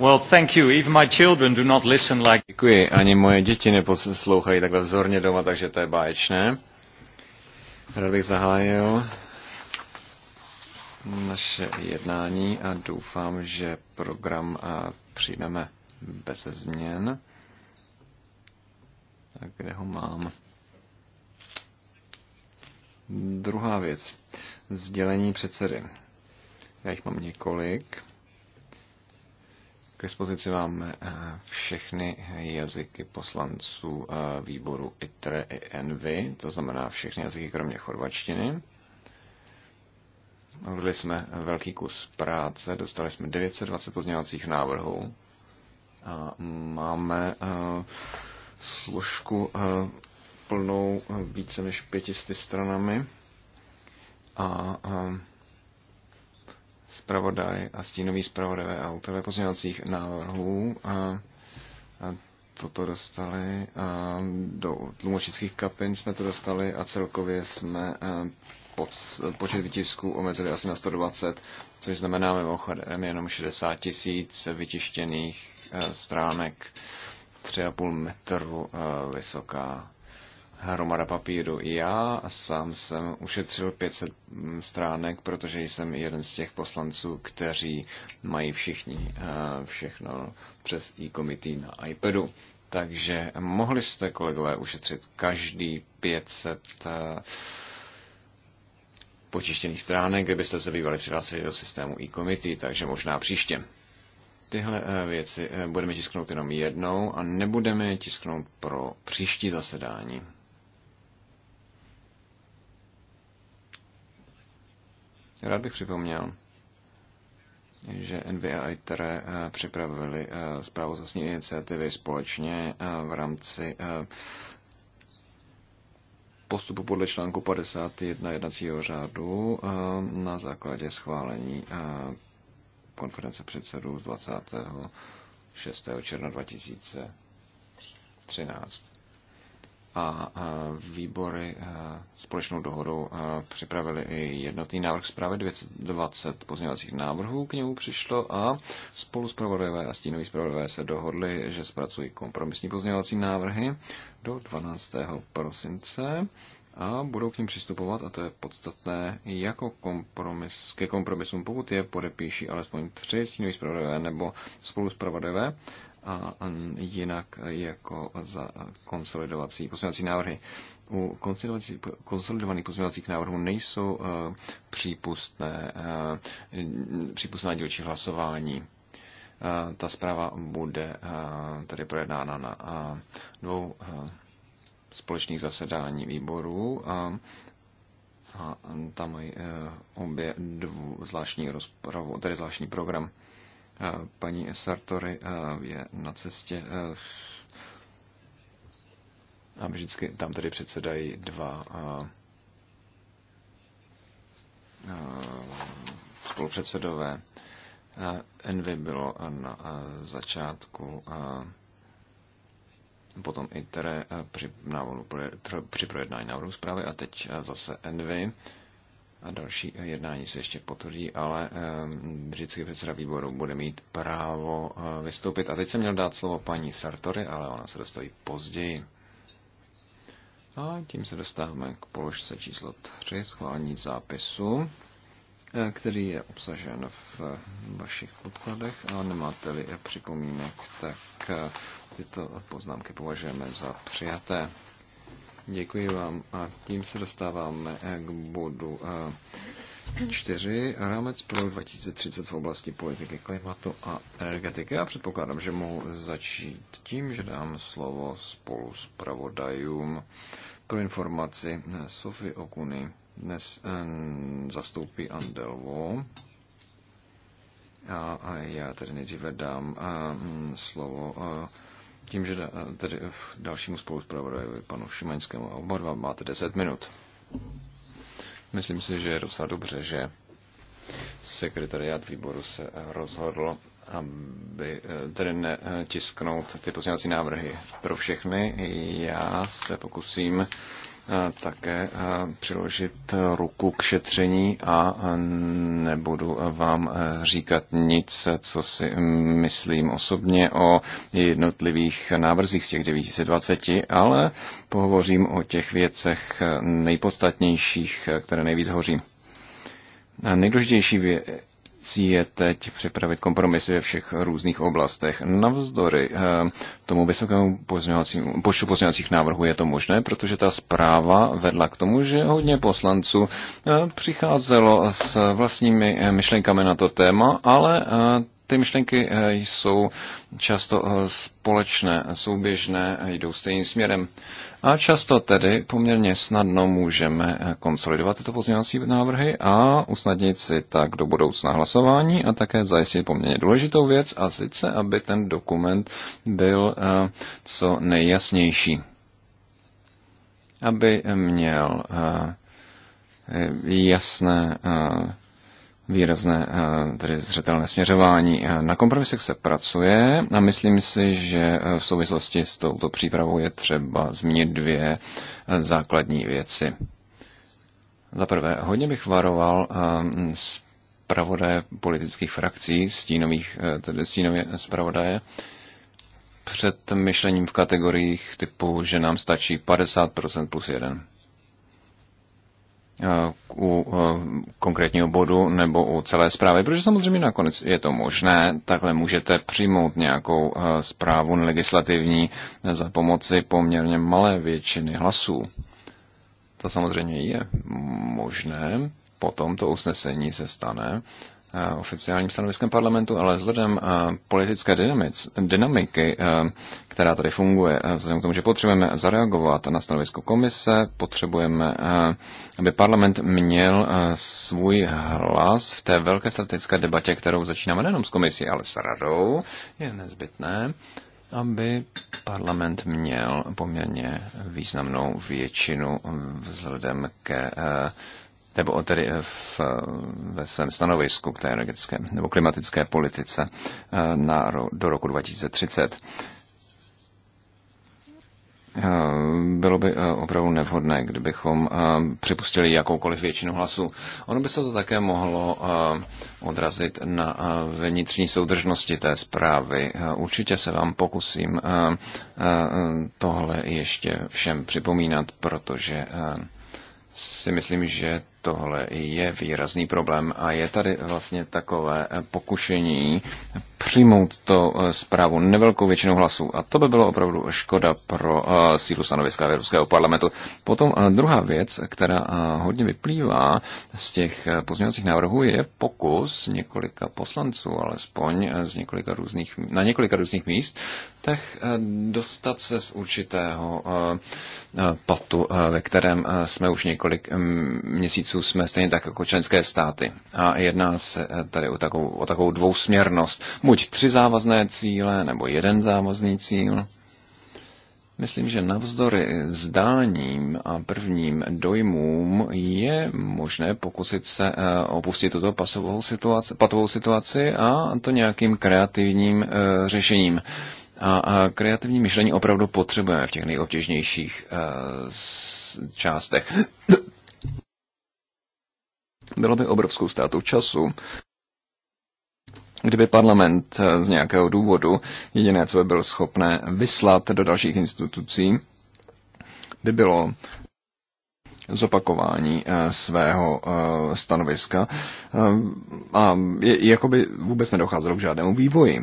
Well, thank you. Even my children do not listen like... Děkuji. Ani moje děti neposlouchají takhle vzorně doma, takže to je báječné. Rád bych zahájil naše jednání a doufám, že program přijmeme bez změn. Tak kde ho mám? Druhá věc. Sdělení předsedy. Já jich mám několik. K dispozici máme eh, všechny jazyky poslanců eh, výboru ITRE i ENVY, to znamená všechny jazyky kromě chorvačtiny. Udělali jsme velký kus práce, dostali jsme 920 pozměňovacích návrhů a máme eh, složku plnou více než 500 stranami a zpravodaj a stínový zpravodajové a autorové pozměňovacích návrhů a, a toto dostali a do tlumočnických kapin jsme to dostali a celkově jsme pod, počet vytisků omezili asi na 120, což znamená mimochodem jenom 60 tisíc vytištěných e, stránek 3,5 metru e, vysoká hromada papíru. Já sám jsem ušetřil 500 stránek, protože jsem jeden z těch poslanců, kteří mají všichni eh, všechno přes e-komitý na iPadu. Takže mohli jste, kolegové, ušetřit každý 500 eh, počištěných stránek, kdybyste se bývali přihlásili do systému e-committee, takže možná příště. Tyhle eh, věci budeme tisknout jenom jednou a nebudeme tisknout pro příští zasedání. Rád bych připomněl, že NBA a ITRE eh, připravili eh, zprávu z vlastní iniciativy společně eh, v rámci postupu podle článku 51 jednacího řádu na základě schválení konference předsedů z 26. června 2013 a výbory společnou dohodou připravili i jednotný návrh zprávy 220 pozměňovacích návrhů k němu přišlo a spolu zpravodajové a stínoví zpravodajové se dohodli, že zpracují kompromisní pozměňovací návrhy do 12. prosince a budou k ním přistupovat, a to je podstatné, jako kompromis, ke kompromisům, pokud je podepíší alespoň tři stínoví zpravodajové nebo spolu zpravodajové a jinak jako za konsolidovací pozměňovací návrhy. U konsolidovaných pozměňovacích návrhů nejsou eh, přípustné, eh, přípustná dílčí hlasování. Eh, ta zpráva bude tedy projednána na dvou společných zasedání výborů a tam mají obě dvou zvláštní rozpravu, tedy zvláštní program. Paní Sartori je na cestě a vždycky tam tedy předsedají dva spolupředsedové. Envy bylo na začátku potom ITERE při, návodu, při projednání návrhu zprávy a teď zase Envy a další jednání se ještě potvrdí, ale vždycky ehm, předseda výboru bude mít právo eh, vystoupit. A teď jsem měl dát slovo paní Sartory, ale ona se dostaví později. A tím se dostáváme k položce číslo 3, schválení zápisu, eh, který je obsažen v eh, vašich podkladech a nemáte-li připomínek, tak tyto poznámky považujeme za přijaté. Děkuji vám a tím se dostáváme eh, k bodu eh, čtyři. Rámec pro 2030 v oblasti politiky klimatu a energetiky. Já předpokládám, že mohu začít tím, že dám slovo spolu s pravodajům pro informaci Sofy Okuny. Dnes eh, zastoupí Andelvo. A, a já tedy nejdříve dám slovo tím, že eh, tedy dalšímu spoluzpravodajovi panu Šimaňskému a oba dva máte 10 minut. Myslím si, že je docela dobře, že sekretariát výboru se rozhodl, aby eh, tedy netisknout ty pozměňovací návrhy pro všechny. Já se pokusím Eh, také eh, přiložit ruku k šetření a eh, nebudu vám říkat nic, co si myslím osobně o jednotlivých návrzích z těch 920, ale pohovořím o těch věcech nejpodstatnějších, které nejvíc hoří. Nejdůležitější cí je teď připravit kompromisy ve všech různých oblastech. Navzdory eh, tomu vysokému počtu pozměňovacích návrhů je to možné, protože ta zpráva vedla k tomu, že hodně poslanců eh, přicházelo s vlastními eh, myšlenkami na to téma, ale ty myšlenky eh, jsou často eh, společné, souběžné, jdou stejným směrem. A často tedy poměrně snadno můžeme eh, konsolidovat tyto pozměňovací návrhy a usnadnit si tak do budoucna hlasování a také zajistit poměrně důležitou věc a sice, aby ten dokument byl co nejjasnější. Aby měl jasné výrazné, eh, tedy zřetelné směřování. Eh, na kompromisech se pracuje a myslím si, že eh, v souvislosti s touto přípravou je třeba zmínit dvě základní věci. Za prvé, hodně bych varoval zpravodaje politických frakcí, stínových, tedy stínově zpravodaje, před myšlením v kategoriích typu, že nám stačí 50% plus 1 u eh, konkrétního bodu nebo u celé zprávy, protože samozřejmě nakonec je to možné, takhle můžete přijmout nějakou eh, zprávu legislativní za pomoci poměrně malé většiny hlasů. To samozřejmě je možné, potom to usnesení se stane Eh, oficiálním stanoviskem parlamentu, ale vzhledem eh, politické dynamic, dynamiky, eh, která tady funguje, vzhledem k tomu, že potřebujeme zareagovat na stanovisko komise, potřebujeme, aby parlament měl svůj hlas v té velké strategické debatě, kterou začínáme nejenom s komisí, ale s radou, je nezbytné, aby parlament měl poměrně významnou většinu vzhledem ke nebo tedy eh, v, eh, ve svém stanovisku k té energetické nebo klimatické politice eh, na, do roku 2030. Bylo by opravdu nevhodné, kdybychom připustili jakoukoliv většinu hlasů. Ono by se to také mohlo odrazit na vnitřní soudržnosti té zprávy. Určitě se vám pokusím tohle ještě všem připomínat, protože si myslím, že tohle je výrazný problém a je tady vlastně takové pokušení přijmout to eh, zprávu nevelkou většinou hlasů. A to by bylo opravdu škoda pro eh, sílu stanoviska Evropského parlamentu. Potom eh, druhá věc, která hodně vyplývá z těch pozměňovacích návrhů, je pokus několika poslanců, alespoň z několika různých, na několika různých míst, tak dostat se z určitého patu, ve kterém jsme už několik mm, měsíců jsme stejně tak jako členské státy. A jedná se tady o takovou, o takovou dvousměrnost buď tři závazné cíle nebo jeden závazný cíl. Myslím, že navzdory zdáním a prvním dojmům je možné pokusit se eh, opustit tuto pasovou situaci, patovou situaci a to nějakým kreativním eh, řešením. A kreativní myšlení opravdu potřebujeme v těch nejobtěžnějších eh, částech. Bylo by obrovskou ztrátou času kdyby parlament eh, z nějakého důvodu jediné, co by byl schopné vyslat do dalších institucí, by bylo zopakování eh, svého eh, stanoviska a jako by vůbec nedocházelo k žádnému vývoji.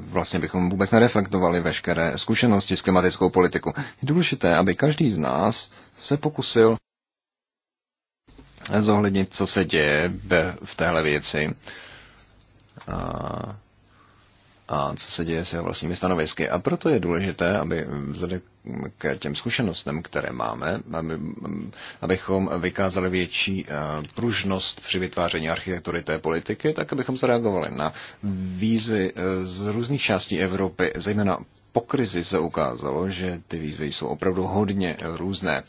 vlastně bychom vůbec nereflektovali veškeré zkušenosti s klimatickou politikou. Je důležité, aby každý z nás se pokusil zohlednit, co se děje v téhle věci a, a co se děje s jeho vlastními stanovisky. A proto je důležité, aby vzhledem k těm zkušenostem, které máme, aby, abychom vykázali větší pružnost při vytváření architektury té politiky, tak abychom zareagovali na výzvy e, z různých částí Evropy, zejména po krizi se ukázalo, že ty výzvy jsou opravdu hodně různé.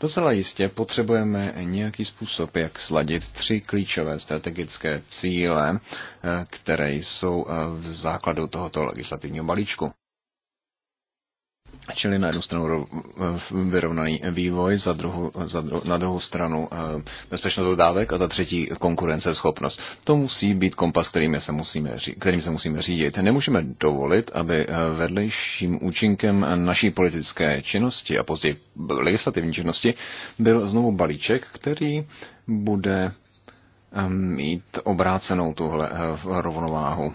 Docela jistě potřebujeme nějaký způsob, jak sladit tři klíčové strategické cíle, eh, které jsou eh, v základu tohoto legislativního balíčku. Čili na jednu stranu vyrovnaný vývoj, za druhou, za druhou, na druhou stranu eh, bezpečnost dodávek a za třetí konkurenceschopnost. To musí být kompas, kterým se musíme, kterým se musíme řídit. Nemůžeme dovolit, aby eh, vedlejším účinkem naší politické činnosti a později legislativní činnosti byl znovu balíček, který bude eh, mít obrácenou tuhle rovnováhu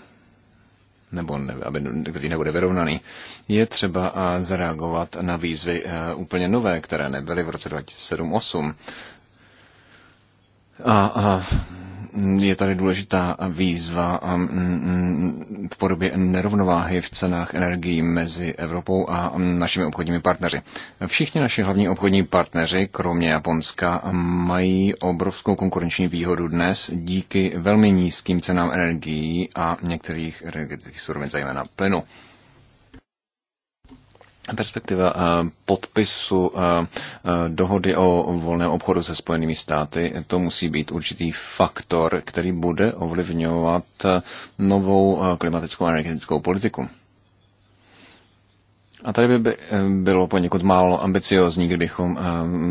nebo ne, aby, který nebude vyrovnaný, je třeba zareagovat na výzvy e, úplně nové, které nebyly v roce 2007-2008. A, a je tady důležitá výzva um, mm, v podobě nerovnováhy v cenách energií mezi Evropou a um, našimi obchodními partneři. Všichni naši hlavní obchodní partneři, kromě Japonska, mají obrovskou konkurenční výhodu dnes díky velmi nízkým cenám energií a některých energetických surovin, zejména plynu. Perspektiva eh, podpisu eh, eh, dohody o volném obchodu se Spojenými státy, to musí být určitý faktor, který bude ovlivňovat novou klimatickou a energetickou politiku. A tady by eh, bylo poněkud málo ambiciozní, kdybychom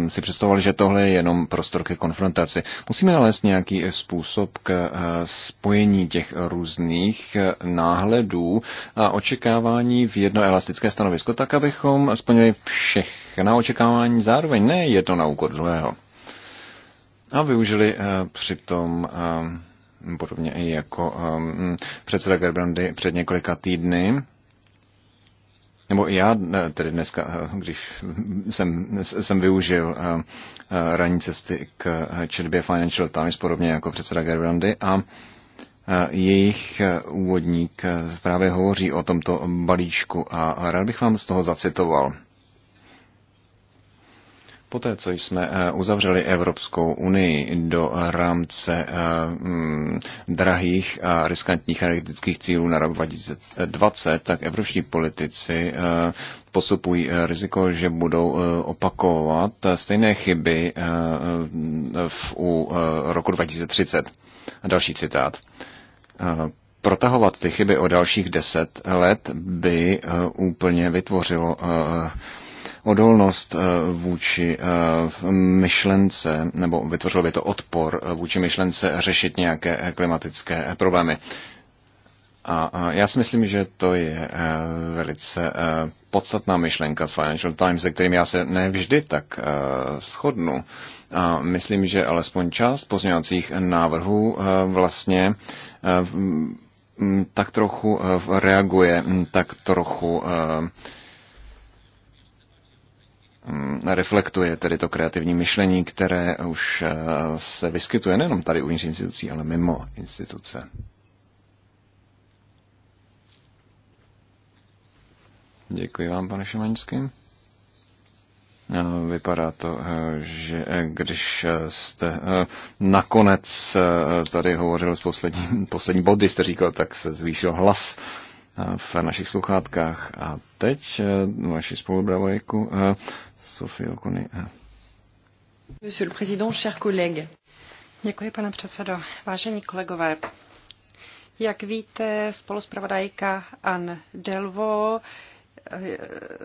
eh, si představovali, že tohle je jenom prostor ke konfrontaci. Musíme nalézt nějaký eh, způsob k spojení těch různých náhledů a očekávání v jedno elastické stanovisko, tak abychom splnili všechna očekávání zároveň, ne jedno na úkor druhého. A využili přitom podobně i jako předseda Gerbrandy před několika týdny, nebo i já tedy dneska, eh, když jsem, jsem využil eh, eh, ranní cesty k četbě Financial Times, podobně jako předseda Gerbrandy, a jejich úvodník právě hovoří o tomto balíčku a rád bych vám z toho zacitoval. Poté, co jsme eh, uzavřeli Evropskou unii do rámce eh, mm, drahých a riskantních energetických cílů na rok 2020, tak evropští politici eh, postupují riziko, že budou opakovat stejné chyby v, u roku 2030. Další citát. Protahovat ty chyby o dalších deset let by úplně vytvořilo odolnost eh, vůči eh, myšlence, nebo vytvořilo by to odpor eh, vůči myšlence řešit nějaké klimatické problémy. A já si myslím, že to je velice podstatná myšlenka z Financial Times, se kterým já se nevždy tak shodnu. A myslím, že alespoň část pozměňovacích návrhů vlastně tak trochu reaguje, tak trochu Mm, reflektuje tedy to kreativní myšlení, které už eh, se vyskytuje nejenom tady uvnitř institucí, ale mimo instituce. Děkuji vám, pane Šimaňský. Eh, vypadá to, eh, že když jste nakonec tady hovořil s poslední, poslední body, jste říkal, tak se zvýšil hlas v našich sluchátkách. A teď eh, vaši spolubravojku eh, Sofie Okony. Eh. Monsieur le Président, chers collègues. Děkuji, pane předsedo. Vážení kolegové, jak víte, spoluspravodajka Anne Delvo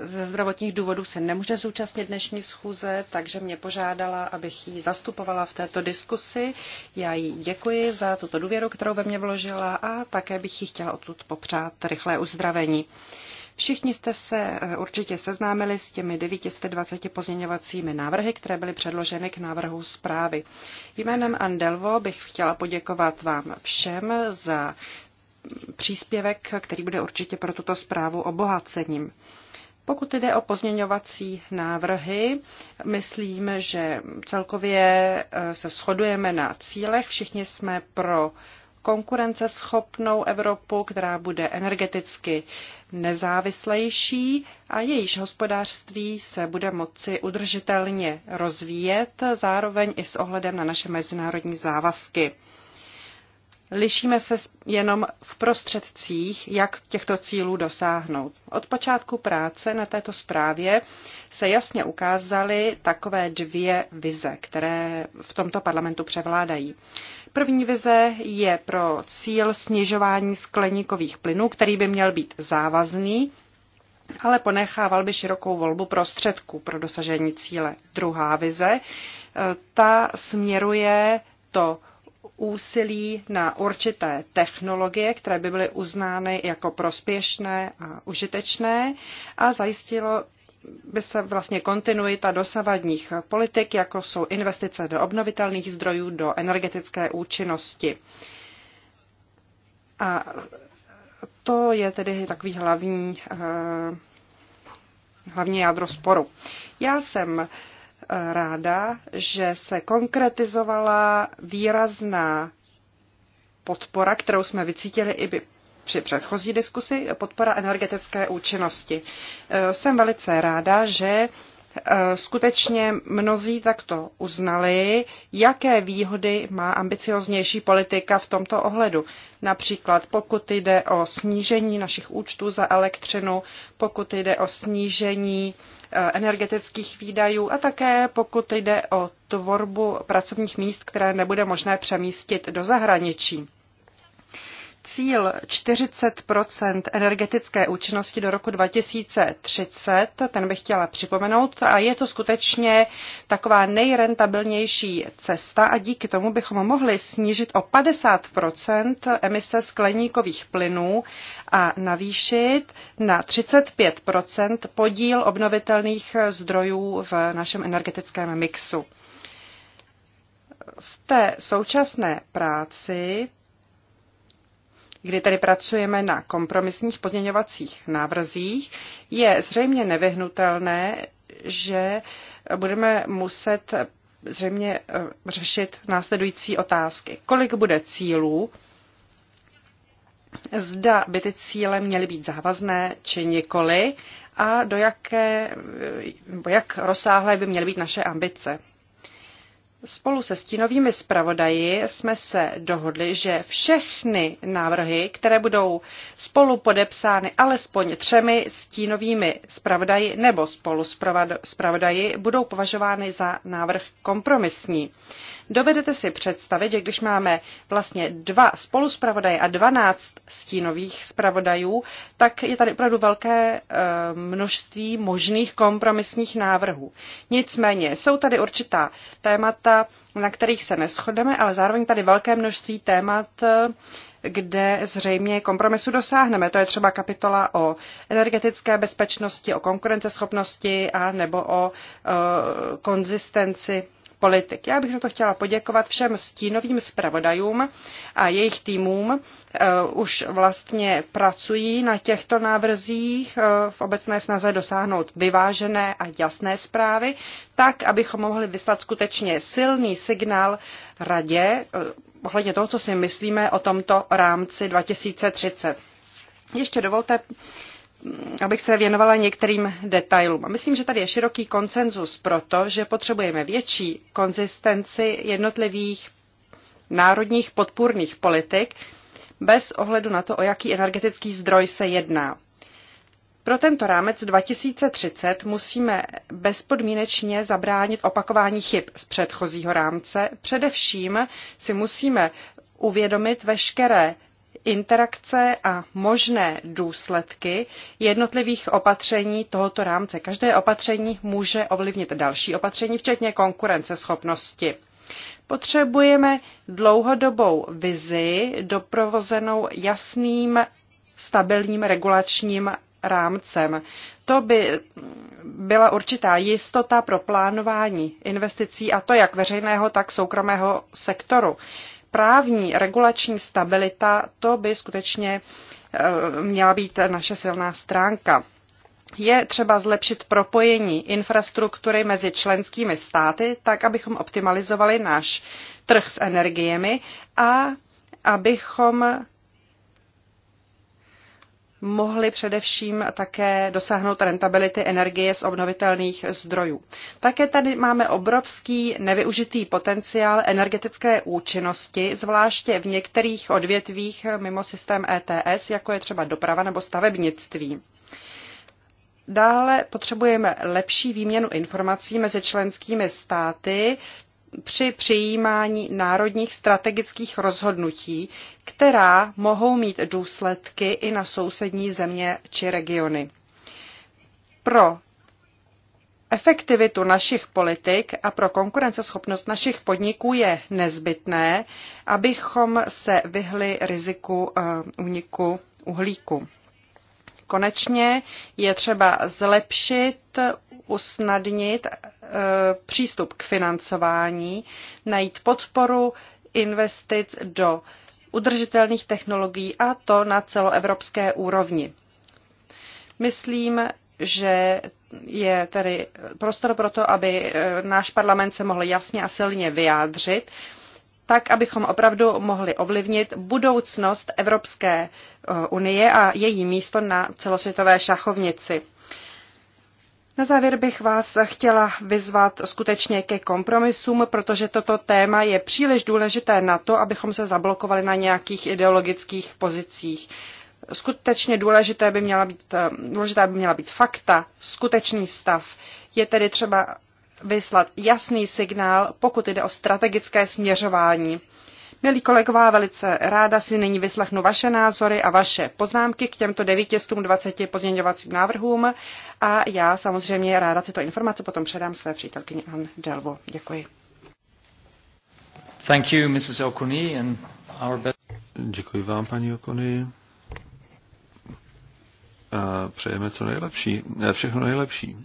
ze zdravotních důvodů se nemůže zúčastnit dnešní schůze, takže mě požádala, abych ji zastupovala v této diskusi. Já jí děkuji za tuto důvěru, kterou ve mě vložila a také bych ji chtěla odtud popřát rychlé uzdravení. Všichni jste se eh, určitě seznámili s těmi 920 pozměňovacími návrhy, které byly předloženy k návrhu zprávy. Jménem Andelvo bych chtěla poděkovat vám všem za příspěvek, který bude určitě pro tuto zprávu obohacením. Pokud jde o pozměňovací návrhy, myslím, že celkově eh, se shodujeme na cílech. Všichni jsme pro konkurenceschopnou Evropu, která bude energeticky nezávislejší a jejíž hospodářství se bude moci udržitelně rozvíjet, zároveň i s ohledem na naše mezinárodní závazky. Lišíme se jenom v prostředcích, jak těchto cílů dosáhnout. Od počátku práce na této zprávě se jasně ukázaly takové dvě vize, které v tomto parlamentu převládají. První vize je pro cíl snižování skleníkových plynů, který by měl být závazný, ale ponechával by širokou volbu prostředků pro dosažení cíle. Druhá vize, e, ta směruje to úsilí na určité technologie, které by byly uznány jako prospěšné a užitečné a zajistilo by se vlastně kontinuita dosavadních politik, jako jsou investice do obnovitelných zdrojů, do energetické účinnosti. A to je tedy takový hlavní, eh, hlavní jádro sporu. Já jsem ráda, že se konkretizovala výrazná podpora, kterou jsme vycítili i při předchozí diskusi, podpora energetické účinnosti. E, jsem velice ráda, že Eh, skutečně mnozí takto uznali, jaké výhody má ambicioznější politika v tomto ohledu. Například pokud jde o snížení našich účtů za elektřinu, pokud jde o snížení eh, energetických výdajů a také pokud jde o tvorbu pracovních míst, které nebude možné přemístit do zahraničí cíl 40 energetické účinnosti do roku 2030, ten bych chtěla připomenout, a je to skutečně taková nejrentabilnější cesta a díky tomu bychom mohli snížit o 50 emise skleníkových plynů a navýšit na 35 podíl obnovitelných zdrojů v našem energetickém mixu v té současné práci kdy tedy pracujeme na kompromisních pozměňovacích návrzích, je zřejmě nevyhnutelné, že budeme muset zřejmě eh, řešit následující otázky. Kolik bude cílů? Zda by ty cíle měly být závazné či nikoli a do jaké, eh, jak rozsáhlé by měly být naše ambice. Spolu se stínovými zpravodaji jsme se dohodli, že všechny návrhy, které budou spolu podepsány alespoň třemi stínovými zpravodaji nebo spolu zpravodaji, budou považovány za návrh kompromisní. Dovedete si představit, že když máme vlastně dva spoluspravodaje a 12 stínových spravodajů, tak je tady opravdu velké eh, množství možných kompromisních návrhů. Nicméně jsou tady určitá témata, na kterých se neschodeme, ale zároveň tady velké množství témat, eh, kde zřejmě kompromisu dosáhneme. To je třeba kapitola o energetické bezpečnosti, o konkurenceschopnosti a nebo o e, konzistenci politik. Já bych za to chtěla poděkovat všem stínovým zpravodajům a jejich týmům. Eh, už vlastně pracují na těchto návrzích eh, v obecné snaze dosáhnout vyvážené a jasné zprávy, tak, abychom mohli vyslat skutečně silný signál radě eh, ohledně toho, co si myslíme o tomto rámci 2030. Ještě dovolte abych se věnovala některým detailům. A myslím, že tady je široký konsenzus proto, že potřebujeme větší konzistenci jednotlivých národních podpůrných politik bez ohledu na to, o jaký energetický zdroj se jedná. Pro tento rámec 2030 musíme bezpodmínečně zabránit opakování chyb z předchozího rámce. Především si musíme uvědomit veškeré interakce a možné důsledky jednotlivých opatření tohoto rámce. Každé opatření může ovlivnit další opatření, včetně konkurenceschopnosti. Potřebujeme dlouhodobou vizi doprovozenou jasným stabilním regulačním rámcem. To by byla určitá jistota pro plánování investicí a to jak veřejného, tak soukromého sektoru právní regulační stabilita, to by skutečně eh, měla být naše silná stránka. Je třeba zlepšit propojení infrastruktury mezi členskými státy, tak abychom optimalizovali náš trh s energiemi a abychom mohli především také dosáhnout rentability energie z obnovitelných zdrojů. Také tady máme obrovský nevyužitý potenciál energetické účinnosti, zvláště v některých odvětvích mimo systém ETS, jako je třeba doprava nebo stavebnictví. Dále potřebujeme lepší výměnu informací mezi členskými státy, při přijímání národních strategických rozhodnutí, která mohou mít důsledky i na sousední země či regiony. Pro efektivitu našich politik a pro konkurenceschopnost našich podniků je nezbytné, abychom se vyhli riziku eh, úniku uhlíku. Konečně je třeba zlepšit usnadnit eh, přístup k financování, najít podporu investic do udržitelných technologií a to na celoevropské úrovni. Myslím, že je tedy prostor pro to, aby eh, náš parlament se mohl jasně a silně vyjádřit, tak abychom opravdu mohli ovlivnit budoucnost Evropské eh, unie a její místo na celosvětové šachovnici. Na závěr bych vás chtěla vyzvat skutečně ke kompromisům, protože toto téma je příliš důležité na to, abychom se zablokovali na nějakých ideologických pozicích. Skutečně důležité by měla být, eh, důležitá by měla být fakta, skutečný stav. Je tedy třeba vyslat jasný signál, pokud jde o strategické směřování. Milí kolegové, velice ráda si nyní vyslechnu vaše názory a vaše poznámky k těmto 920 pozměňovacím návrhům a já samozřejmě ráda tyto informace potom předám své přítelkyni Ann Delvo. Děkuji. Thank you, Mrs. Okuni, and our best... Děkuji vám, paní Okony. A přejeme co nejlepší, eh, všechno nejlepší.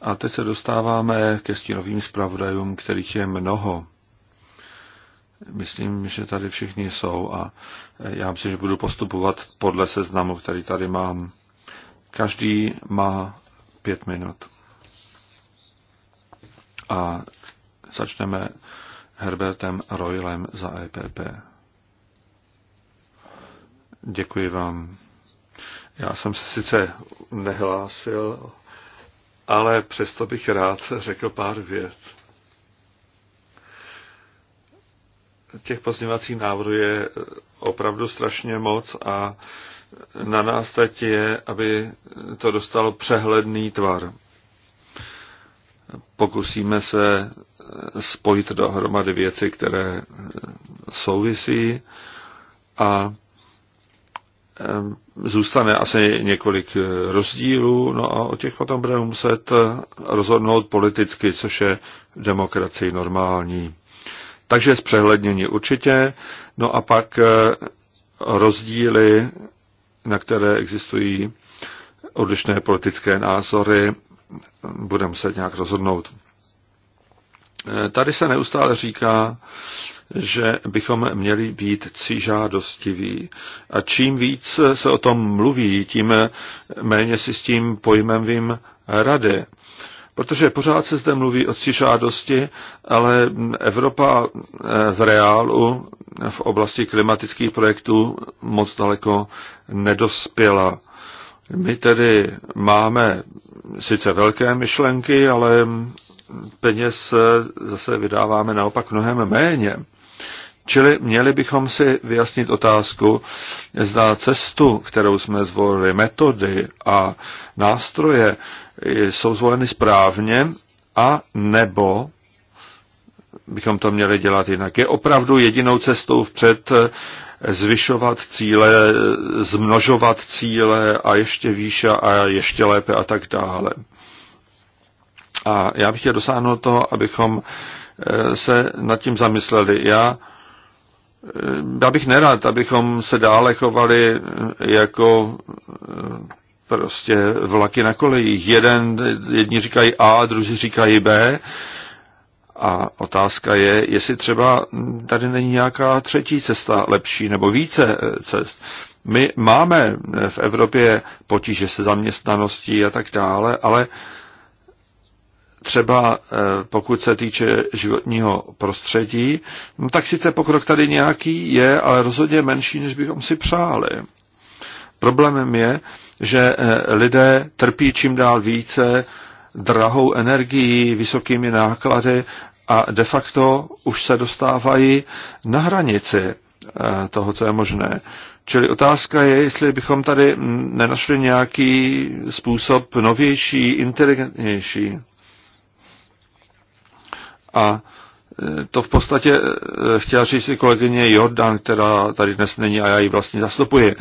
A teď se dostáváme ke stínovým zpravodajům, kterých je mnoho. Myslím, že tady všichni jsou a e, já myslím, že budu postupovat podle seznamu, který tady mám. Každý má pět minut. A začneme Herbertem Roylem za EPP. Děkuji vám. Já jsem se sice nehlásil, ale přesto bych rád řekl pár věcí. těch pozměňovacích návrhů je eh, opravdu strašně moc a na nás teď je, aby to dostalo přehledný tvar. Pokusíme se eh, spojit dohromady věci, které eh, souvisí a zůstane asi několik rozdílů, no a o těch potom budeme muset rozhodnout politicky, což je demokracii normální. Takže zpřehlednění určitě. No a pak eh, rozdíly, na které existují odlišné politické názory, budeme se nějak rozhodnout. Eh, tady se neustále říká, že bychom měli být cížádostiví. A čím víc se o tom mluví, tím méně si s tím pojmem vím rady. Protože pořád se zde mluví o žádosti, ale Evropa eh, v reálu v oblasti klimatických projektů moc daleko nedospěla. My tedy máme sice velké myšlenky, ale peněz eh, zase vydáváme naopak mnohem méně. Čili měli bychom si vyjasnit otázku, zda cestu, kterou jsme zvolili, metody a nástroje jsou zvoleny správně a nebo bychom to měli dělat jinak. Je opravdu jedinou cestou vpřed eh, zvyšovat cíle, zmnožovat cíle a ještě výše a ještě lépe a tak dále. A já bych chtěl dosáhnout toho, abychom eh, se nad tím zamysleli. Já já bych nerad, abychom se dále chovali jako eh, prostě vlaky na kolejích. Jeden, jedni říkají A, druzí říkají B. A otázka je, jestli třeba tady není nějaká třetí cesta lepší nebo více eh, cest. My máme v Evropě potíže se zaměstnaností a tak dále, ale třeba eh, pokud se týče životního prostředí, no tak sice pokrok tady nějaký je, ale rozhodně menší, než bychom si přáli. Problémem je, že eh, lidé trpí čím dál více drahou energií, vysokými náklady a de facto už se dostávají na hranici eh, toho, co je možné. Čili otázka je, jestli bychom tady mm, nenašli nějaký způsob novější, inteligentnější. A e, to v podstatě e, chtěla říct i kolegyně Jordan, která tady dnes není a já ji vlastně zastupuji.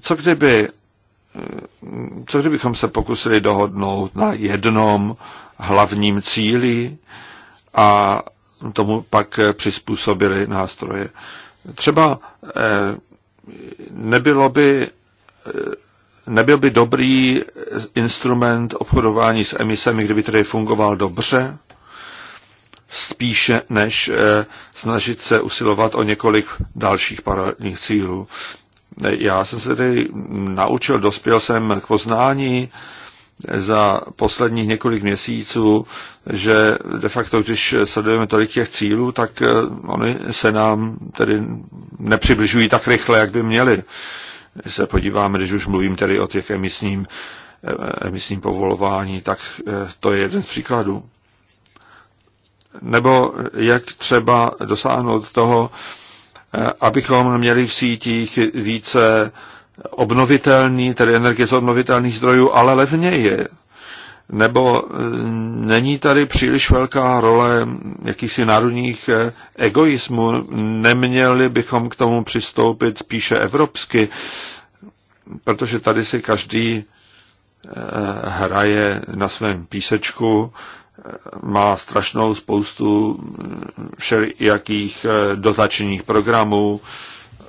Co kdyby, e, co kdybychom se pokusili dohodnout na jednom hlavním cíli a tomu pak přizpůsobili nástroje. Třeba nebylo by, nebyl by dobrý instrument obchodování s emisemi, kdyby tedy fungoval dobře, spíše než eh, snažit se usilovat o několik dalších paralelních cílů. Já jsem se tedy naučil, dospěl jsem k poznání za posledních několik měsíců, že de facto, když sledujeme tolik těch cílů, tak eh, oni se nám tedy nepřibližují tak rychle, jak by měli. Když se podíváme, když už mluvím tedy o těch emisním, eh, emisním povolování, tak to je jeden z příkladů nebo jak třeba dosáhnout toho, eh, abychom měli v sítích více obnovitelný, tedy energie z obnovitelných zdrojů, ale levněji. Nebo eh, není tady příliš velká role jakýchsi národních eh, egoismů? Neměli bychom k tomu přistoupit spíše evropsky, protože tady si každý hraje na svém písečku má strašnou spoustu všelijakých eh, dotačních programů,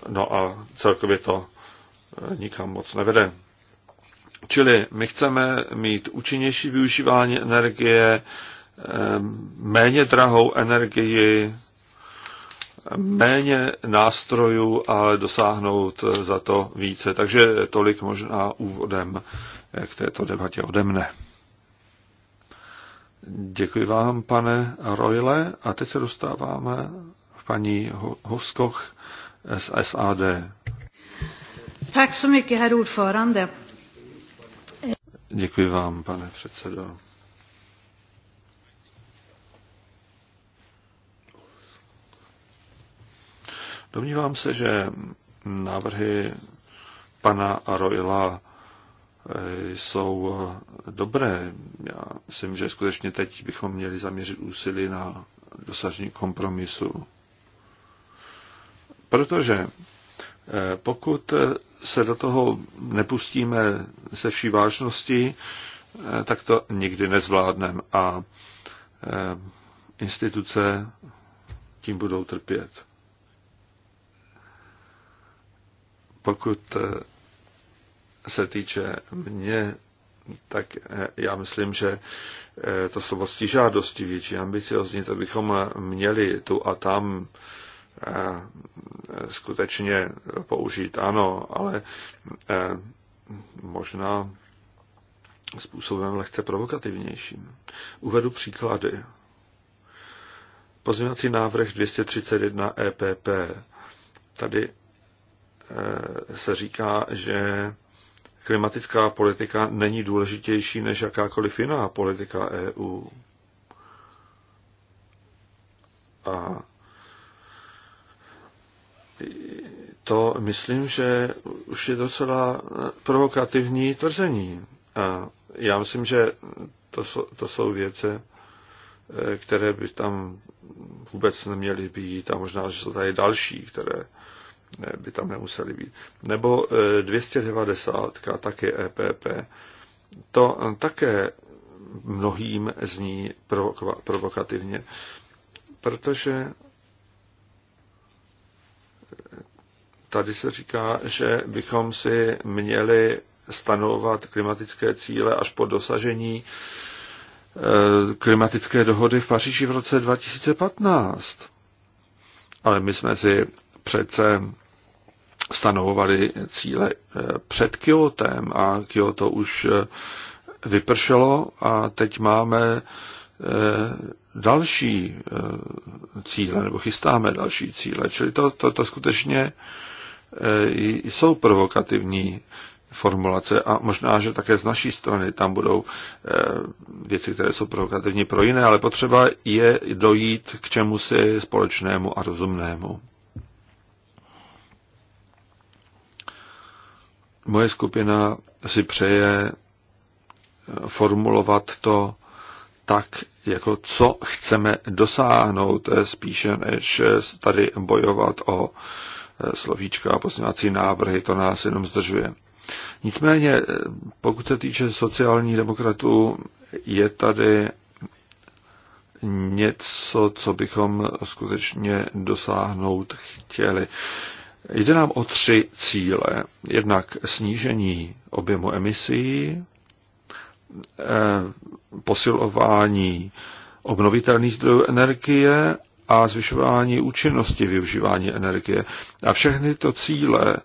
no a celkově to eh, nikam moc nevede. Čili my chceme mít účinnější využívání energie, eh, méně drahou energii, méně nástrojů, ale dosáhnout za to více. Takže tolik možná úvodem k této debatě ode mne. Děkuji vám, pane Royle. A teď se dostáváme v paní Hovskoch z SAD. Tak så mycket, herr ordförande. Děkuji vám, pane předsedo. Domnívám se, že návrhy pana Roila Eh, jsou eh, dobré. Já myslím, že skutečně teď bychom měli zaměřit úsilí na dosažení kompromisu. Protože eh, pokud se do toho nepustíme se vší vážností, tak to nikdy nezvládneme a instituce tím budou trpět. Pokud se týče mě, tak eh, já myslím, že eh, to slovo stížádosti větší ambiciozní, to bychom měli tu a tam eh, skutečně použít, ano, ale možná způsobem lehce provokativnějším. Uvedu příklady. Pozměňovací návrh 231 EPP. Tady se říká, že klimatická politika není důležitější než jakákoliv jiná politika EU. A to myslím, že už je docela provokativní tvrzení. A já myslím, že to, to jsou věce, eh, které by tam vůbec neměly být a možná, že jsou tady další, které by tam nemuseli být. Nebo 290, eh, taky EPP. To eh, také mnohým zní provokativně, protože eh, tady se říká, že bychom si měli stanovat klimatické cíle až po dosažení klimatické dohody v Paříži v roce 2015. Ale my jsme si přece stanovovali cíle eh, před Kyotem a Kyoto už eh, vypršelo a teď máme eh, další cíle, nebo chystáme další cíle. Čili to, to, to skutečně jsou provokativní formulace a možná, že také z naší strany tam budou věci, které jsou provokativní pro jiné, ale potřeba je dojít k čemu si společnému a rozumnému. Moje skupina si přeje eh, formulovat to tak, jako co chceme dosáhnout, eh, spíše než eh, tady bojovat o slovíčka a pozměňovací návrhy, to nás jenom zdržuje. Nicméně, pokud se týče sociálních demokratů, je tady něco, co bychom skutečně dosáhnout chtěli. Jde nám o tři cíle. Jednak snížení objemu emisí, eh, posilování obnovitelných zdrojů energie a zvyšování účinnosti využívání energie. A všechny to cíle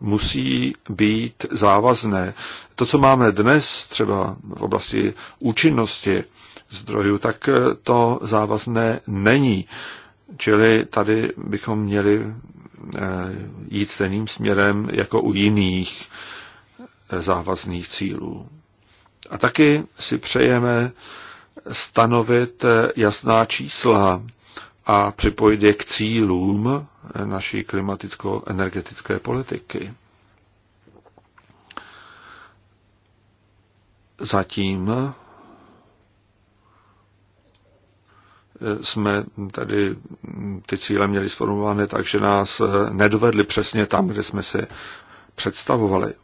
musí být závazné. To, co máme dnes třeba v oblasti účinnosti zdrojů, tak eh, to závazné není. Čili tady bychom měli Eh, jít stejným směrem jako u jiných závazných cílů. A taky si přejeme stanovit jasná čísla a připojit je k cílům naší klimaticko-energetické politiky. Zatím jsme tady ty cíle měli sformulované tak, že nás eh, nedovedli přesně tam, kde jsme si představovali.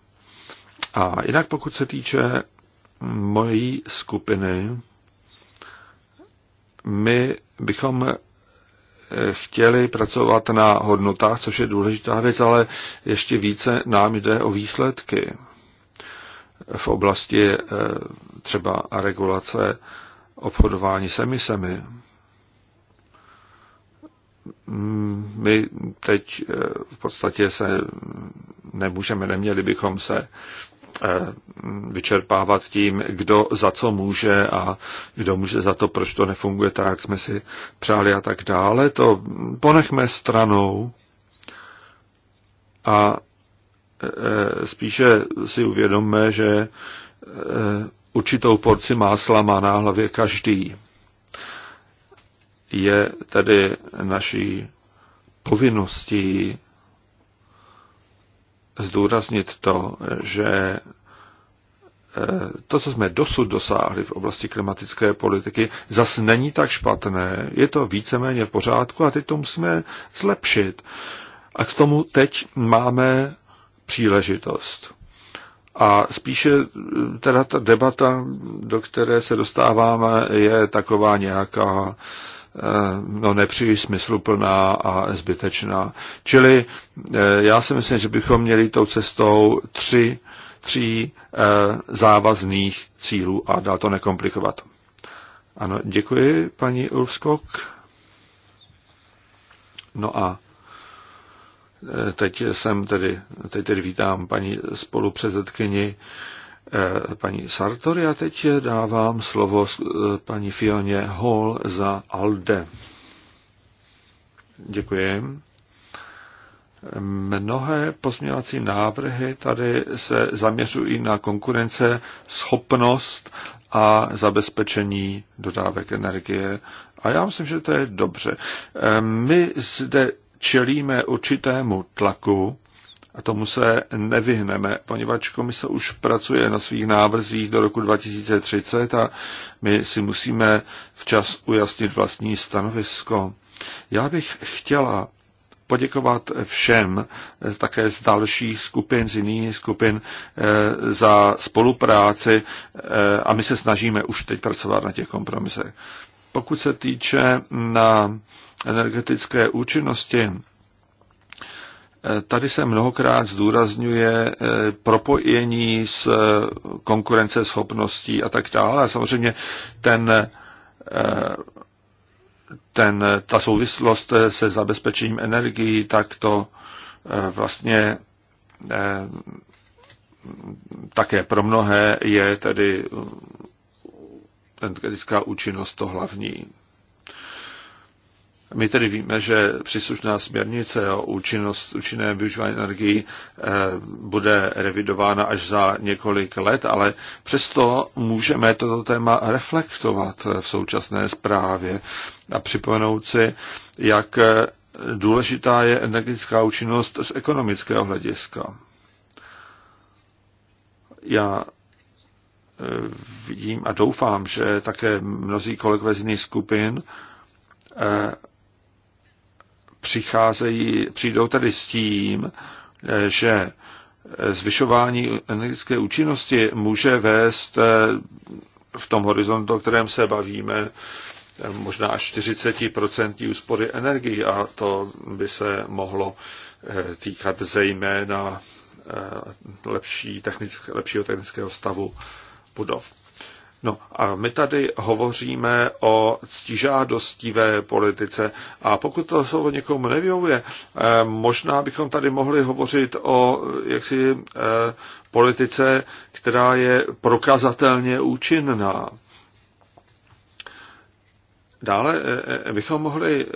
A jinak pokud se týče mojí skupiny, my bychom eh, chtěli pracovat na hodnotách, což je důležitá věc, ale ještě více nám jde o výsledky v oblasti eh, třeba regulace obchodování s emisemi my teď eh, v podstatě se nemůžeme, neměli bychom se eh, vyčerpávat tím, kdo za co může a kdo může za to, proč to nefunguje tak, jak jsme si přáli a tak dále. To ponechme stranou a eh, spíše si uvědomme, že určitou porci másla má na hlavě každý je tedy naší povinností zdůraznit to, že eh, to, co jsme dosud dosáhli v oblasti klimatické politiky, zase není tak špatné, je to víceméně v pořádku a teď to musíme zlepšit. A k tomu teď máme příležitost. A spíše eh, teda ta debata, do které se dostáváme, je taková nějaká Eh, no, nepříliš smysluplná a zbytečná. Čili eh, já si myslím, že bychom měli tou cestou tři, tří eh, závazných cílů a dá to nekomplikovat. Ano, děkuji, paní Ulfskok. No a teď jsem tedy, teď tedy vítám paní spolupředsedkyni Eh, paní Sartori a teď dávám slovo eh, paní Fioně Hall za ALDE. Děkuji. Mnohé pozměňovací návrhy tady se zaměřují na konkurence, schopnost a zabezpečení dodávek energie. A já myslím, že to je dobře. Eh, my zde čelíme určitému tlaku, a tomu se nevyhneme, poněvadž komise už pracuje na svých návrzích do roku 2030 a my si musíme včas ujasnit vlastní stanovisko. Já bych chtěla poděkovat všem, eh, také z dalších skupin, z jiných skupin, eh, za spolupráci eh, a my se snažíme už teď pracovat na těch kompromisech. Pokud se týče na energetické účinnosti, Tady se mnohokrát zdůrazňuje eh, propojení s eh, konkurenceschopností a tak dále. A samozřejmě ten, eh, ten, ta souvislost se zabezpečením energií, tak to vlastně také pro mnohé je tedy energetická účinnost to hlavní. My tedy víme, že příslušná směrnice o účinnost, účinné využívání energii eh, bude revidována až za několik let, ale přesto můžeme toto téma reflektovat eh, v současné zprávě a připomenout si, jak eh, důležitá je energetická účinnost z ekonomického hlediska. Já vidím a doufám, že také mnozí kolegové z jiných skupin přicházejí, přijdou tady s tím, eh, že eh, zvyšování energetické účinnosti může vést eh, v tom horizontu, o kterém se bavíme, možná až 40% úspory energii a to by se mohlo týkat zejména lepší technické, lepšího technického stavu budov. No a my tady hovoříme o ctižádostivé politice a pokud to slovo někomu nevyhovuje, eh, možná bychom tady mohli hovořit o eh, jaksi eh, politice, která je prokazatelně účinná. Dále bychom mohli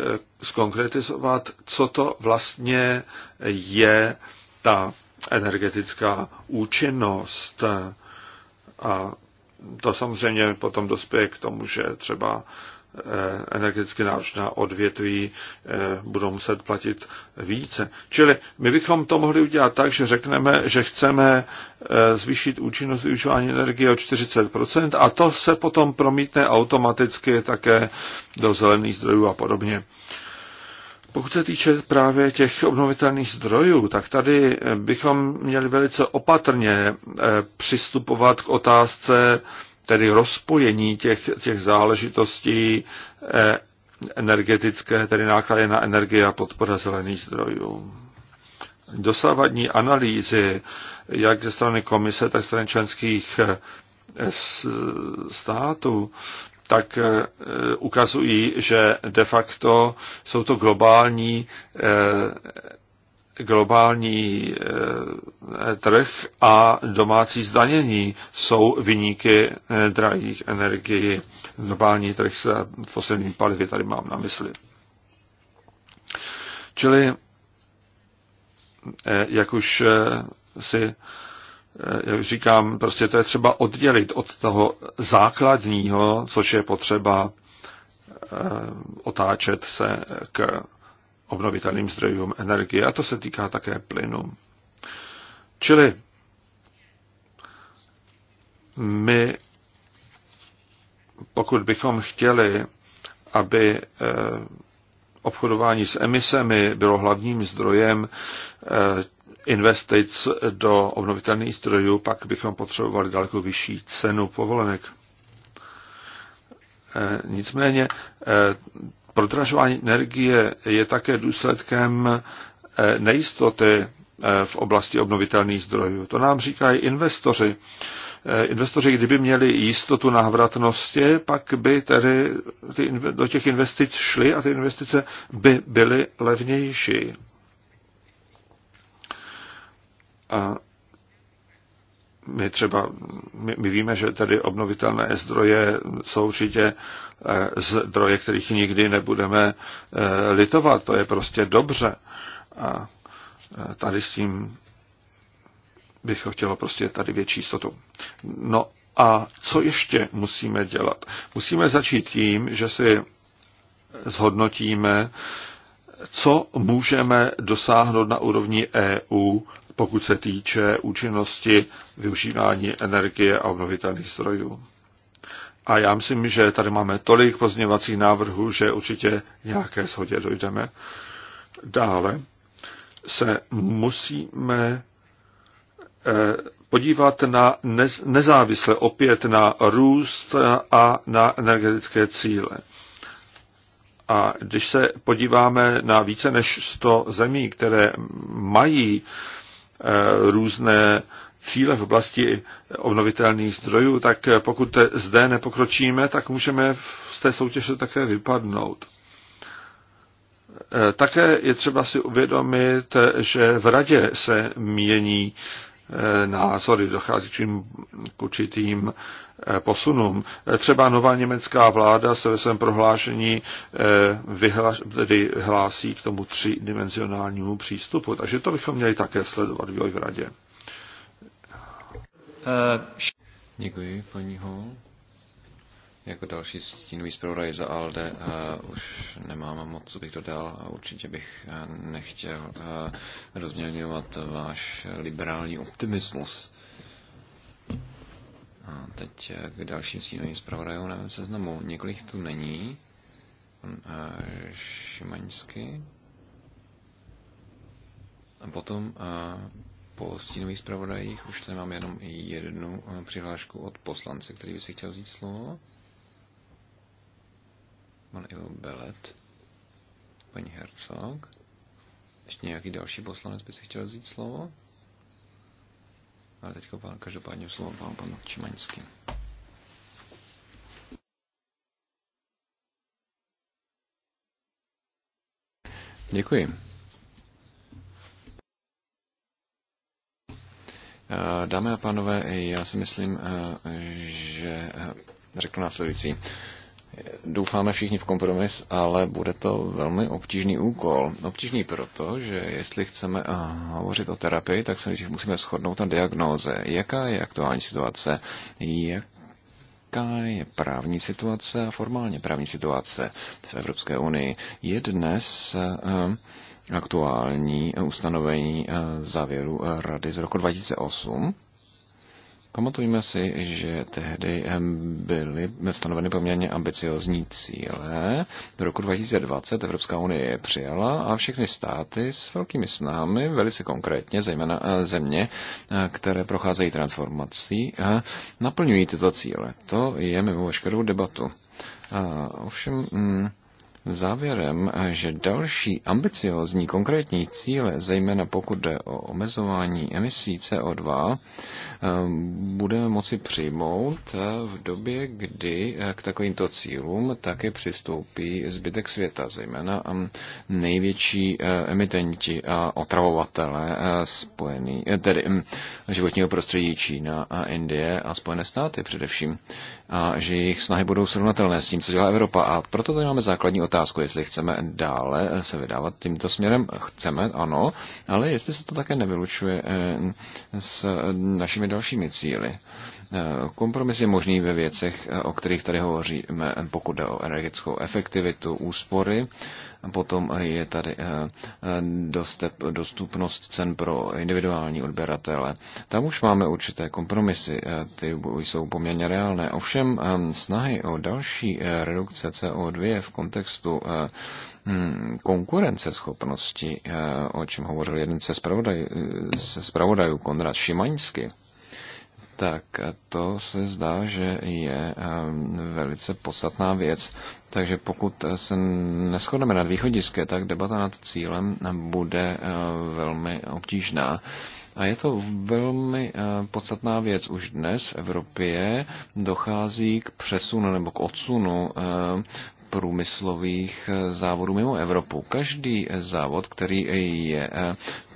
skonkretizovat, co to vlastně je ta energetická účinnost. A to samozřejmě potom dospěje k tomu, že třeba eh, energeticky náročná odvětví eh, budou muset platit více. Čili my bychom to mohli udělat tak, že řekneme, že chceme eh, zvýšit účinnost využívání energie o 40% a to se potom promítne automaticky také do zelených zdrojů a podobně. Pokud se týče právě těch obnovitelných zdrojů, tak tady bychom měli velice opatrně eh, přistupovat k otázce tedy rozpojení těch, těch záležitostí eh, energetické, tedy náklady na energie a podpora zelených zdrojů. Dosávadní analýzy, jak ze strany komise, tak ze strany členských eh, států, tak eh, ukazují, že de facto jsou to globální, eh, globální eh, trh a domácí zdanění jsou vyníky drahých energií. Globální trh se fosilní palivy tady mám na mysli. Čili, jak už si Eh, jak říkám, prostě to je třeba oddělit od toho základního, což je potřeba eh, otáčet se k obnovitelným zdrojům energie a to se týká také plynu. Čili my, pokud bychom chtěli, aby eh, obchodování s emisemi bylo hlavním zdrojem investic do obnovitelných zdrojů, pak bychom potřebovali daleko vyšší cenu povolenek. E, nicméně e, prodražování energie je také důsledkem e, nejistoty v oblasti obnovitelných zdrojů. To nám říkají investoři. Investoři, kdyby měli jistotu návratnosti, pak by tedy ty, do těch investic šly a ty investice by byly levnější. A my třeba, my, my víme, že tady obnovitelné zdroje jsou určitě eh, zdroje, kterých nikdy nebudeme eh, litovat. To je prostě dobře. A eh, tady s tím bych chtěl prostě tady větší jistotu. No a co ještě musíme dělat? Musíme začít tím, že si zhodnotíme, co můžeme dosáhnout na úrovni EU, pokud se týče účinnosti využívání energie a obnovitelných zdrojů. A já myslím, že tady máme tolik pozměňovacích návrhů, že určitě nějaké shodě dojdeme. Dále se musíme eh, podívat na nezávisle opět na růst a na energetické cíle. A když se podíváme na více než 100 zemí, které mají eh, různé cíle v oblasti obnovitelných zdrojů, tak eh, pokud zde nepokročíme, tak můžeme z té soutěže také vypadnout. Eh, také je třeba si uvědomit, že v radě se mění Eh, názory, dochází čím k určitým eh, posunům. Třeba nová německá vláda se ve svém prohlášení eh, vyhla, tedy hlásí k tomu třidimenzionálnímu přístupu, takže to bychom měli také sledovat vývoj v radě. Děkuji, paní Hol. Jako další stínový zpravodaj za ALDE uh, už nemám moc, co bych dodal a určitě bych eh, nechtěl uh, rozmělňovat váš liberální optimismus. A teď k dalším stínovým zpravodajům na seznamu. Několik tu není. Pan uh, Šimaňský. A potom uh, po stínových zpravodajích už tady mám jenom jednu uh, přihlášku od poslance, který by si chtěl vzít slovo pan Ivo Belet, paní Hercog. Ještě nějaký další poslanec by si chtěl vzít slovo? Ale teďka pán, každopádně slovo pán panu Čimaňským. Děkuji. Eh, dámy a pánové, já si myslím, eh, že eh, řeknu následující. Doufáme všichni v kompromis, ale bude to velmi obtížný úkol. Obtížný proto, že jestli chceme eh, hovořit o terapii, tak se musíme shodnout na diagnóze. Jaká je aktuální situace? Jak jaká je právní situace a formálně právní situace v Evropské unii. Je dnes eh, aktuální ustanovení eh, závěru Rady z roku 2008 Pamatujme si, že tehdy byly stanoveny poměrně ambiciozní cíle. Do roku 2020 Evropská unie je přijala a všechny státy s velkými snahami, velice konkrétně, zejména eh, země, eh, které procházejí transformací, eh, naplňují tyto cíle. To je mimo veškerou debatu. Ovšem, mm, závěrem, že další ambiciozní konkrétní cíle, zejména pokud jde o omezování emisí CO2, eh, budeme moci přijmout eh, v době, kdy eh, k takovýmto cílům také přistoupí zbytek světa, zejména mm, největší emitenti a otravovatele spojený, tedy mm, životního prostředí Čína a Indie a Spojené státy především a že jejich snahy budou srovnatelné s tím, co dělá Evropa. A proto tady máme základní otázku, jestli chceme dále se vydávat tímto směrem. Chceme, ano, ale jestli se to také nevylučuje eh, s našimi dalšími cíly. Kompromis je možný ve věcech, o kterých tady hovoříme, pokud jde o energetickou efektivitu, úspory. Potom je tady eh, dostep, dostupnost cen pro individuální odběratele. Tam už máme určité kompromisy, eh, ty jsou poměrně reálné. Ovšem eh, snahy o další redukce CO2 v kontextu hm, konkurenceschopnosti, o čem hovořil jeden se, se zpravodajů Konrad Šimaňsky, tak to se zdá, že je ehm, velice podstatná věc. Takže pokud se neschodneme nad východiské, tak debata nad cílem bude eh, velmi obtížná. A je to velmi eh, podstatná věc. Už dnes v Evropě dochází k přesunu nebo k odsunu eh, průmyslových závodů mimo Evropu. Každý závod, který je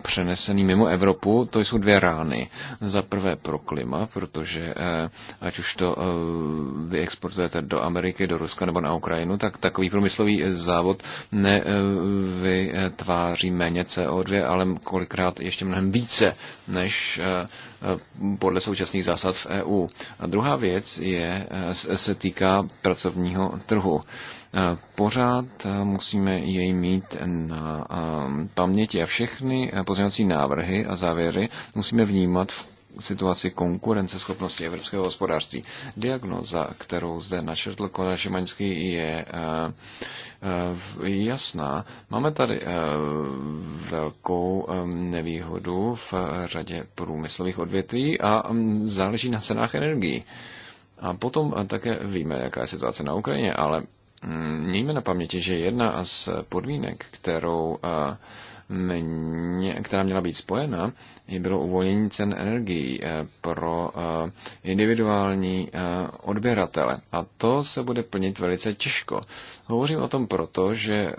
přenesený mimo Evropu, to jsou dvě rány. Za prvé pro klima, protože eh, ať už to eh, vy exportujete do Ameriky, do Ruska nebo na Ukrajinu, tak takový průmyslový eh, závod nevytváří méně CO2, ale kolikrát ještě mnohem více než podle současných zásad v EU. A druhá věc je, se týká pracovního trhu. Eh, pořád eh, musíme jej mít na eh, paměti a všechny pozměňovací návrhy a závěry musíme vnímat v situaci konkurenceschopnosti evropského hospodářství. Diagnoza, kterou zde načrtl Kona Šimaňský, je jasná. Máme tady velkou nevýhodu v řadě průmyslových odvětví a mm, záleží na cenách energií. A potom také víme, jaká je situace na Ukrajině, ale mějme na paměti, že jedna z podmínek, kterou mě, která měla být spojena, bylo uvolnění cen energií e, pro e, individuální e, odběratele. A to se bude plnit velice těžko. Hovořím o tom proto, že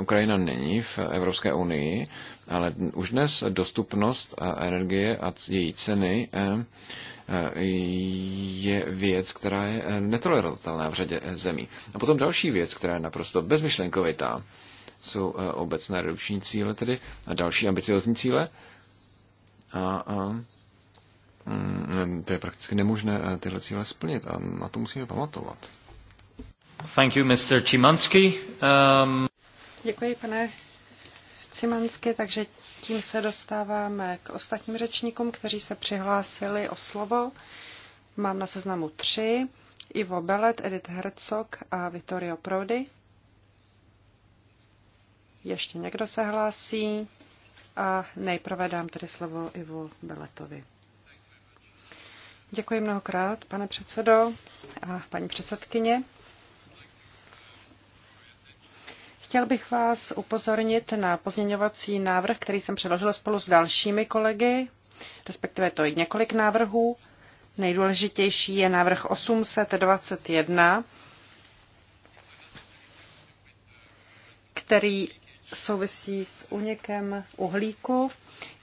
Ukrajina není v Evropské unii, ale už dnes dostupnost energie a její ceny je věc, která je eh, netolerovatelná v řadě eh, zemí. A potom další věc, která je naprosto bezmyšlenkovitá, jsou eh, obecné redukční cíle, tedy a další ambiciozní cíle. A, a mm, to je prakticky nemožné tyhle cíle splnit a na to musíme pamatovat. Thank you, Mr. Um... Děkuji, pane Cimansky, takže tím se dostáváme k ostatním řečníkům, kteří se přihlásili o slovo. Mám na seznamu tři. Ivo Belet, Edith Herzog a Vittorio Prodi. Ještě někdo se hlásí a nejprve dám tedy slovo Ivo Beletovi. Děkuji mnohokrát, pane předsedo a paní předsedkyně. Chtěl bych vás upozornit na pozměňovací návrh, který jsem předložil spolu s dalšími kolegy, respektive to je několik návrhů. Nejdůležitější je návrh 821, který souvisí s únikem uhlíku.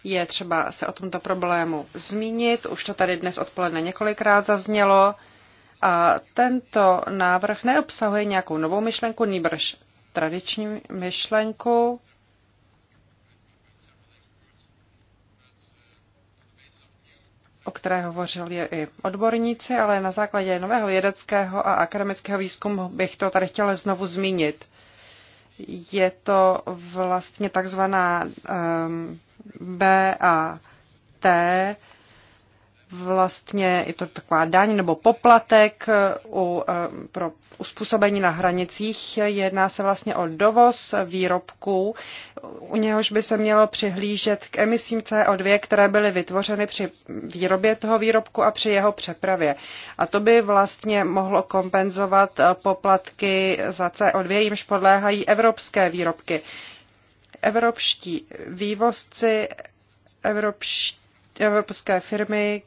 Je třeba se o tomto problému zmínit. Už to tady dnes odpoledne několikrát zaznělo. A tento návrh neobsahuje nějakou novou myšlenku, nýbrž tradiční myšlenku. o které hovořili i odborníci, ale na základě nového vědeckého a akademického výzkumu bych to tady chtěla znovu zmínit. Je to vlastně takzvaná um, B a T vlastně je to taková daň nebo poplatek eh, u, eh, pro uspůsobení na hranicích. Jedná se vlastně o dovoz výrobků, u něhož by se mělo přihlížet k emisím CO2, které byly vytvořeny při výrobě toho výrobku a při jeho přepravě. A to by vlastně mohlo kompenzovat eh, poplatky za CO2, jimž podléhají evropské výrobky. Evropští vývozci, evropští evropské firmy,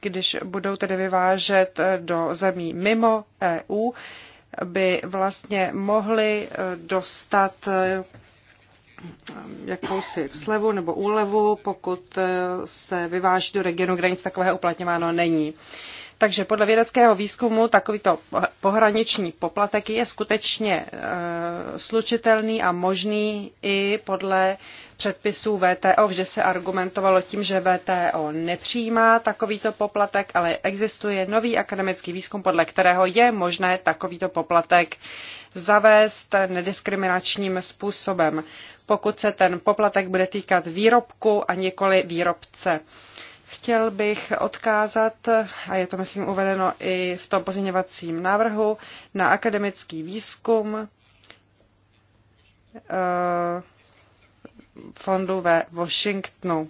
když budou tedy vyvážet eh, do zemí mimo EU, by vlastně mohli eh, dostat eh, jakousi slevu nebo úlevu, pokud se vyváží do regionu, kde nic takového uplatňováno není. Takže podle vědeckého výzkumu takovýto pohraniční poplatek je skutečně e, slučitelný a možný i podle předpisů VTO, že se argumentovalo tím, že VTO nepřijímá takovýto poplatek, ale existuje nový akademický výzkum, podle kterého je možné takovýto poplatek zavést nediskriminačním způsobem, pokud se ten poplatek bude týkat výrobku a nikoli výrobce. Chtěl bych odkázat, a je to myslím uvedeno i v tom pozměňovacím návrhu, na akademický výzkum eh, fondu ve Washingtonu.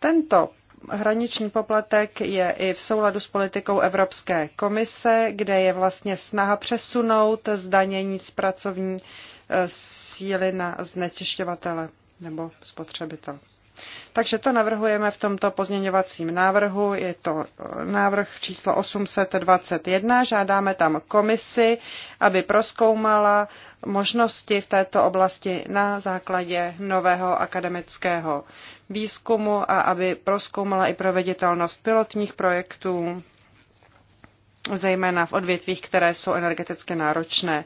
Tento hraniční poplatek je i v souladu s politikou Evropské komise, kde je vlastně snaha přesunout zdanění z pracovní eh, síly na znečišťovatele nebo spotřebitel. Takže to navrhujeme v tomto pozměňovacím návrhu. Je to eh, návrh číslo 821. Žádáme tam komisi, aby proskoumala možnosti v této oblasti na základě nového akademického výzkumu a aby proskoumala i proveditelnost pilotních projektů, zejména v odvětvích, které jsou energeticky náročné.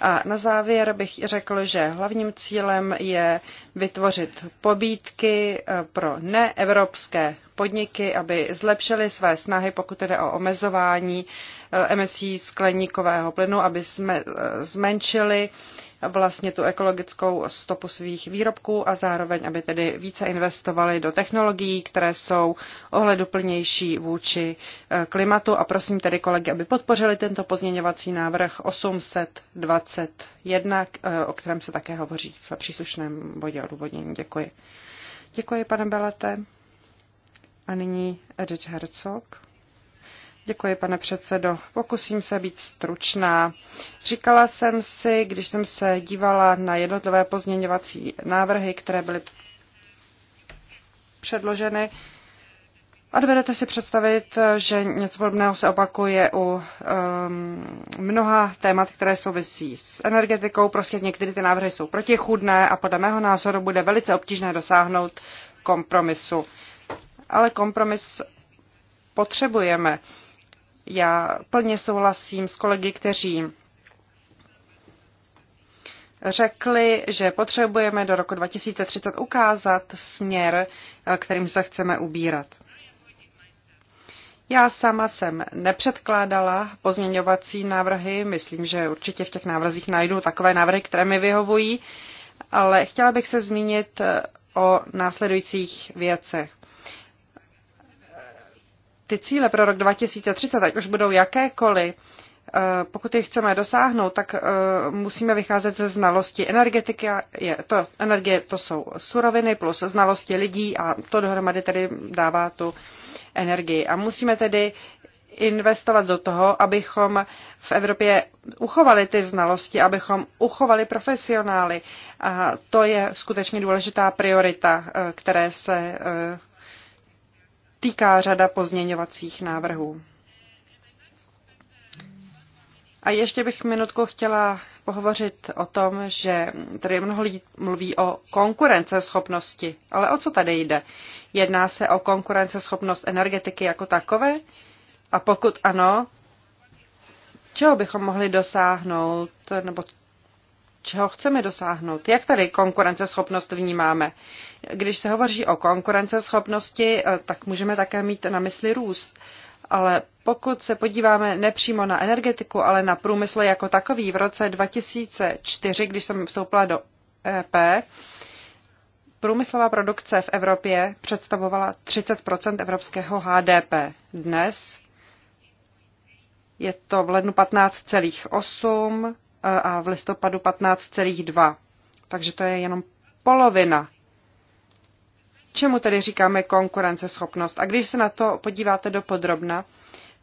A na závěr bych řekl, že hlavním cílem je vytvořit pobídky eh, pro neevropské podniky, aby zlepšili své snahy, pokud jde o omezování eh, emisí skleníkového plynu, aby jsme eh, zmenšili vlastně tu ekologickou stopu svých výrobků a zároveň, aby tedy více investovali do technologií, které jsou ohleduplnější vůči eh, klimatu. A prosím tedy kolegy, aby podpořili tento pozměňovací návrh 821, o kterém se také hovoří v příslušném bodě odůvodnění. Děkuji. Děkuji, pane Belete. A nyní Edith Herzog. Děkuji, pane předsedo. Pokusím se být stručná. Říkala jsem si, když jsem se dívala na jednotlivé pozměňovací návrhy, které byly předloženy, a dovedete si představit, že něco podobného se opakuje u um, mnoha témat, které souvisí s energetikou. Prostě některé ty návrhy jsou protichudné a podle mého názoru bude velice obtížné dosáhnout kompromisu ale kompromis potřebujeme. Já plně souhlasím s kolegy, kteří řekli, že potřebujeme do roku 2030 ukázat směr, kterým se chceme ubírat. Já sama jsem nepředkládala pozměňovací návrhy, myslím, že určitě v těch návrzích najdu takové návrhy, které mi vyhovují, ale chtěla bych se zmínit o následujících věcech ty cíle pro rok 2030, ať už budou jakékoliv, eh, pokud je chceme dosáhnout, tak eh, musíme vycházet ze znalosti energetiky. Je to, energie to jsou suroviny plus znalosti lidí a to dohromady tedy dává tu energii. A musíme tedy investovat do toho, abychom v Evropě uchovali ty znalosti, abychom uchovali profesionály. A to je skutečně důležitá priorita, eh, které se týká řada pozměňovacích návrhů. A ještě bych minutku chtěla pohovořit o tom, že tady mnoho lidí mluví o konkurenceschopnosti. Ale o co tady jde? Jedná se o konkurenceschopnost energetiky jako takové? A pokud ano, čeho bychom mohli dosáhnout, nebo čeho chceme dosáhnout. Jak tady konkurenceschopnost vnímáme? Když se hovoří o konkurenceschopnosti, eh, tak můžeme také mít na mysli růst. Ale pokud se podíváme nepřímo na energetiku, ale na průmysl jako takový, v roce 2004, když jsem vstoupila do EP, průmyslová produkce v Evropě představovala 30 evropského HDP. Dnes je to v lednu 15,8 a v listopadu 15,2. Takže to je jenom polovina. Čemu tedy říkáme konkurenceschopnost? A když se na to podíváte do podrobna,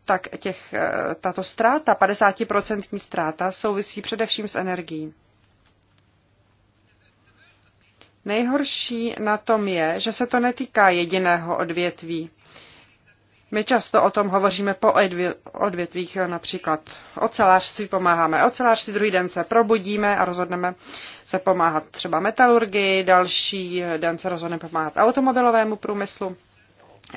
tak těch, eh, tato ztráta, 50% ztráta, souvisí především s energií. Nejhorší na tom je, že se to netýká jediného odvětví. My často o tom hovoříme po odvětvích, eh, například ocelářství pomáháme ocelářství, druhý den se probudíme a rozhodneme se pomáhat třeba metalurgii, další eh, den se rozhodneme pomáhat automobilovému průmyslu.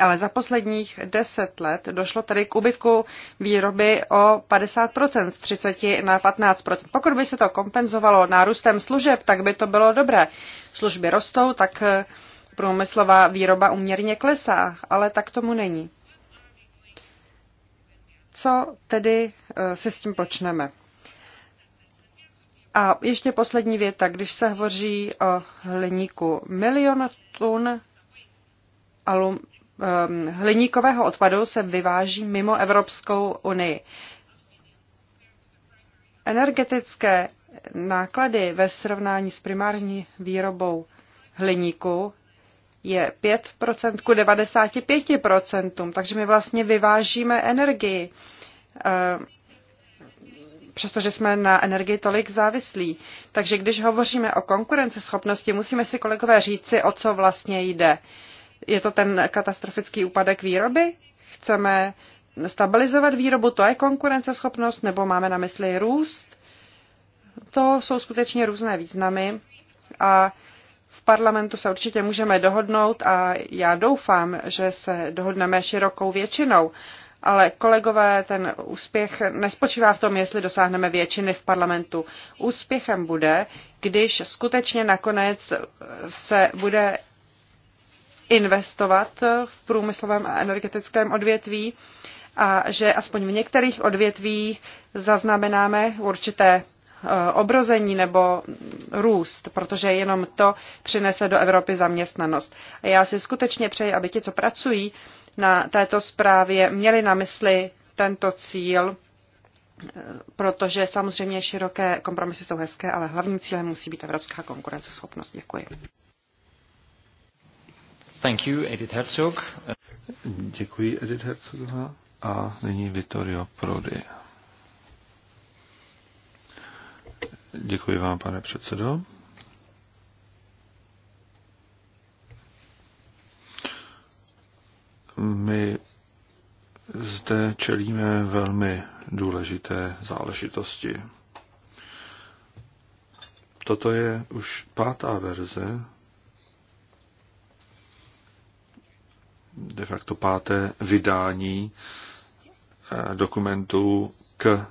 Ale za posledních deset let došlo tady k úbytku výroby o 50%, z 30 na 15%. Pokud by se to kompenzovalo nárůstem služeb, tak by to bylo dobré. Služby rostou, tak eh, průmyslová výroba uměrně klesá, ale tak tomu není co tedy eh, si s tím počneme. A ještě poslední věta, když se hovoří o hliníku. Milion tun alum, ehm, hliníkového odpadu se vyváží mimo Evropskou unii. Energetické náklady ve srovnání s primární výrobou hliníku je 5% ku 95%, takže my vlastně vyvážíme energii, eh, přestože jsme na energii tolik závislí. Takže když hovoříme o konkurenceschopnosti, musíme si kolegové říci, o co vlastně jde. Je to ten katastrofický úpadek výroby? Chceme stabilizovat výrobu, to je konkurenceschopnost, nebo máme na mysli růst? To jsou skutečně různé významy a v parlamentu se určitě můžeme dohodnout a já doufám, že se dohodneme širokou většinou. Ale kolegové, ten úspěch nespočívá v tom, jestli dosáhneme většiny v parlamentu. Úspěchem bude, když skutečně nakonec se bude investovat v průmyslovém a energetickém odvětví a že aspoň v některých odvětvích zaznamenáme určité Eh, obrození nebo růst, protože jenom to přinese do Evropy zaměstnanost. A já si skutečně přeji, aby ti, co pracují na této zprávě, měli na mysli tento cíl, eh, protože samozřejmě široké kompromisy jsou hezké, ale hlavním cílem musí být evropská konkurenceschopnost. Děkuji. Thank you, Edith Herzog. Děkuji, Edith Herzogová. A nyní Vittorio Prodi. Děkuji vám, pane předsedo. My zde čelíme velmi důležité záležitosti. Toto je už pátá verze, de facto páté vydání eh, dokumentů k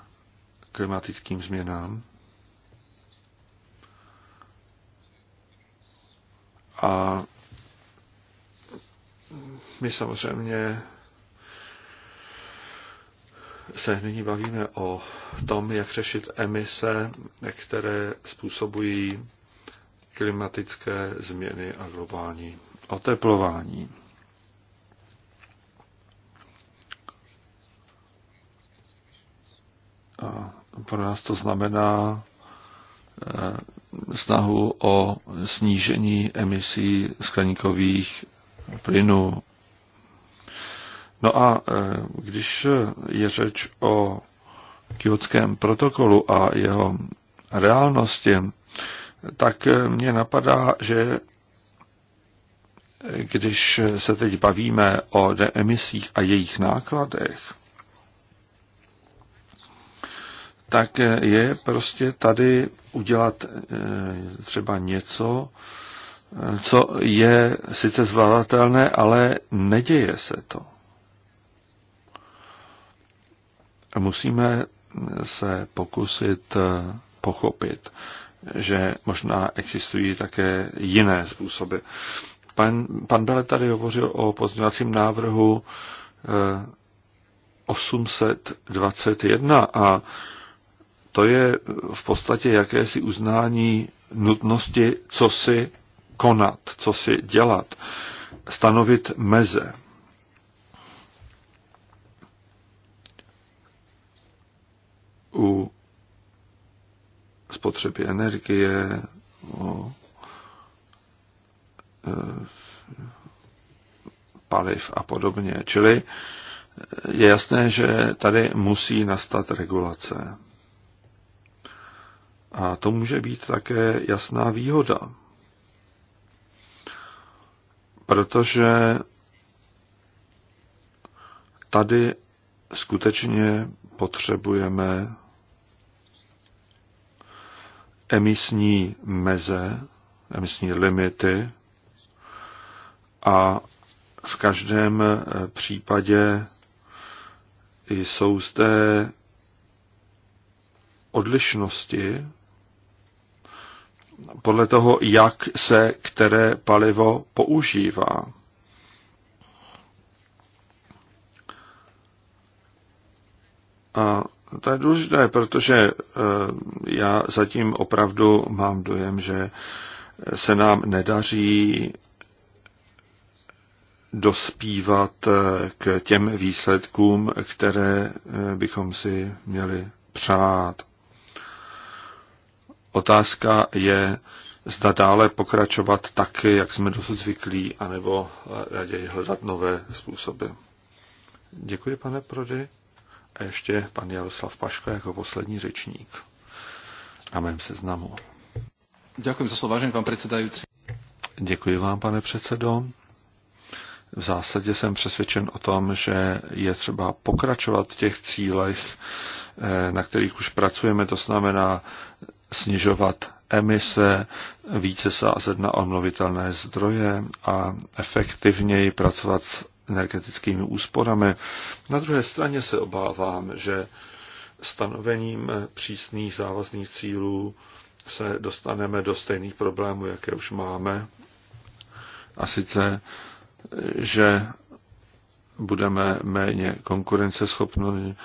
klimatickým změnám. A my samozřejmě se nyní bavíme o tom, jak řešit emise, které způsobují klimatické změny a globální oteplování. A pro nás to znamená eh, snahu o snížení emisí skleníkových plynů. No a e, když je řeč o kyotském protokolu a jeho reálnosti, tak e, mě napadá, že e, když se teď bavíme o emisích a jejich nákladech, tak je prostě tady udělat eh, třeba něco, eh, co je sice zvládatelné, ale neděje se to. Musíme se pokusit eh, pochopit, že možná existují také jiné způsoby. Pan, pan Bele tady hovořil o pozměňovacím návrhu 821 a to je v podstatě jakési uznání nutnosti, co si konat, co si dělat, stanovit meze. U spotřeby energie, o e, paliv a podobně. Čili je jasné, že tady musí nastat regulace. A to může být také jasná výhoda, protože tady skutečně potřebujeme emisní meze, emisní limity a v každém eh, případě jsou zde odlišnosti podle toho, jak se které palivo používá. A to je důležité, protože eh, já zatím opravdu mám dojem, že se nám nedaří dospívat eh, k těm výsledkům, které eh, bychom si měli přát. Otázka je, zda dále pokračovat tak, jak jsme dosud zvyklí, anebo raději hledat nové způsoby. Děkuji, pane Prody. A ještě pan Jaroslav Paška jako poslední řečník na mém seznamu. Děkuji za slovo, vážený pan předsedající. Děkuji vám, pane předsedo. V zásadě jsem přesvědčen o tom, že je třeba pokračovat v těch cílech, eh, na kterých už pracujeme, to znamená snižovat emise, více sázet na obnovitelné zdroje a efektivněji pracovat s energetickými úsporami. Na druhé straně se obávám, že stanovením přísných závazných cílů se dostaneme do stejných problémů, jaké už máme. A sice, že budeme méně konkurenceschopní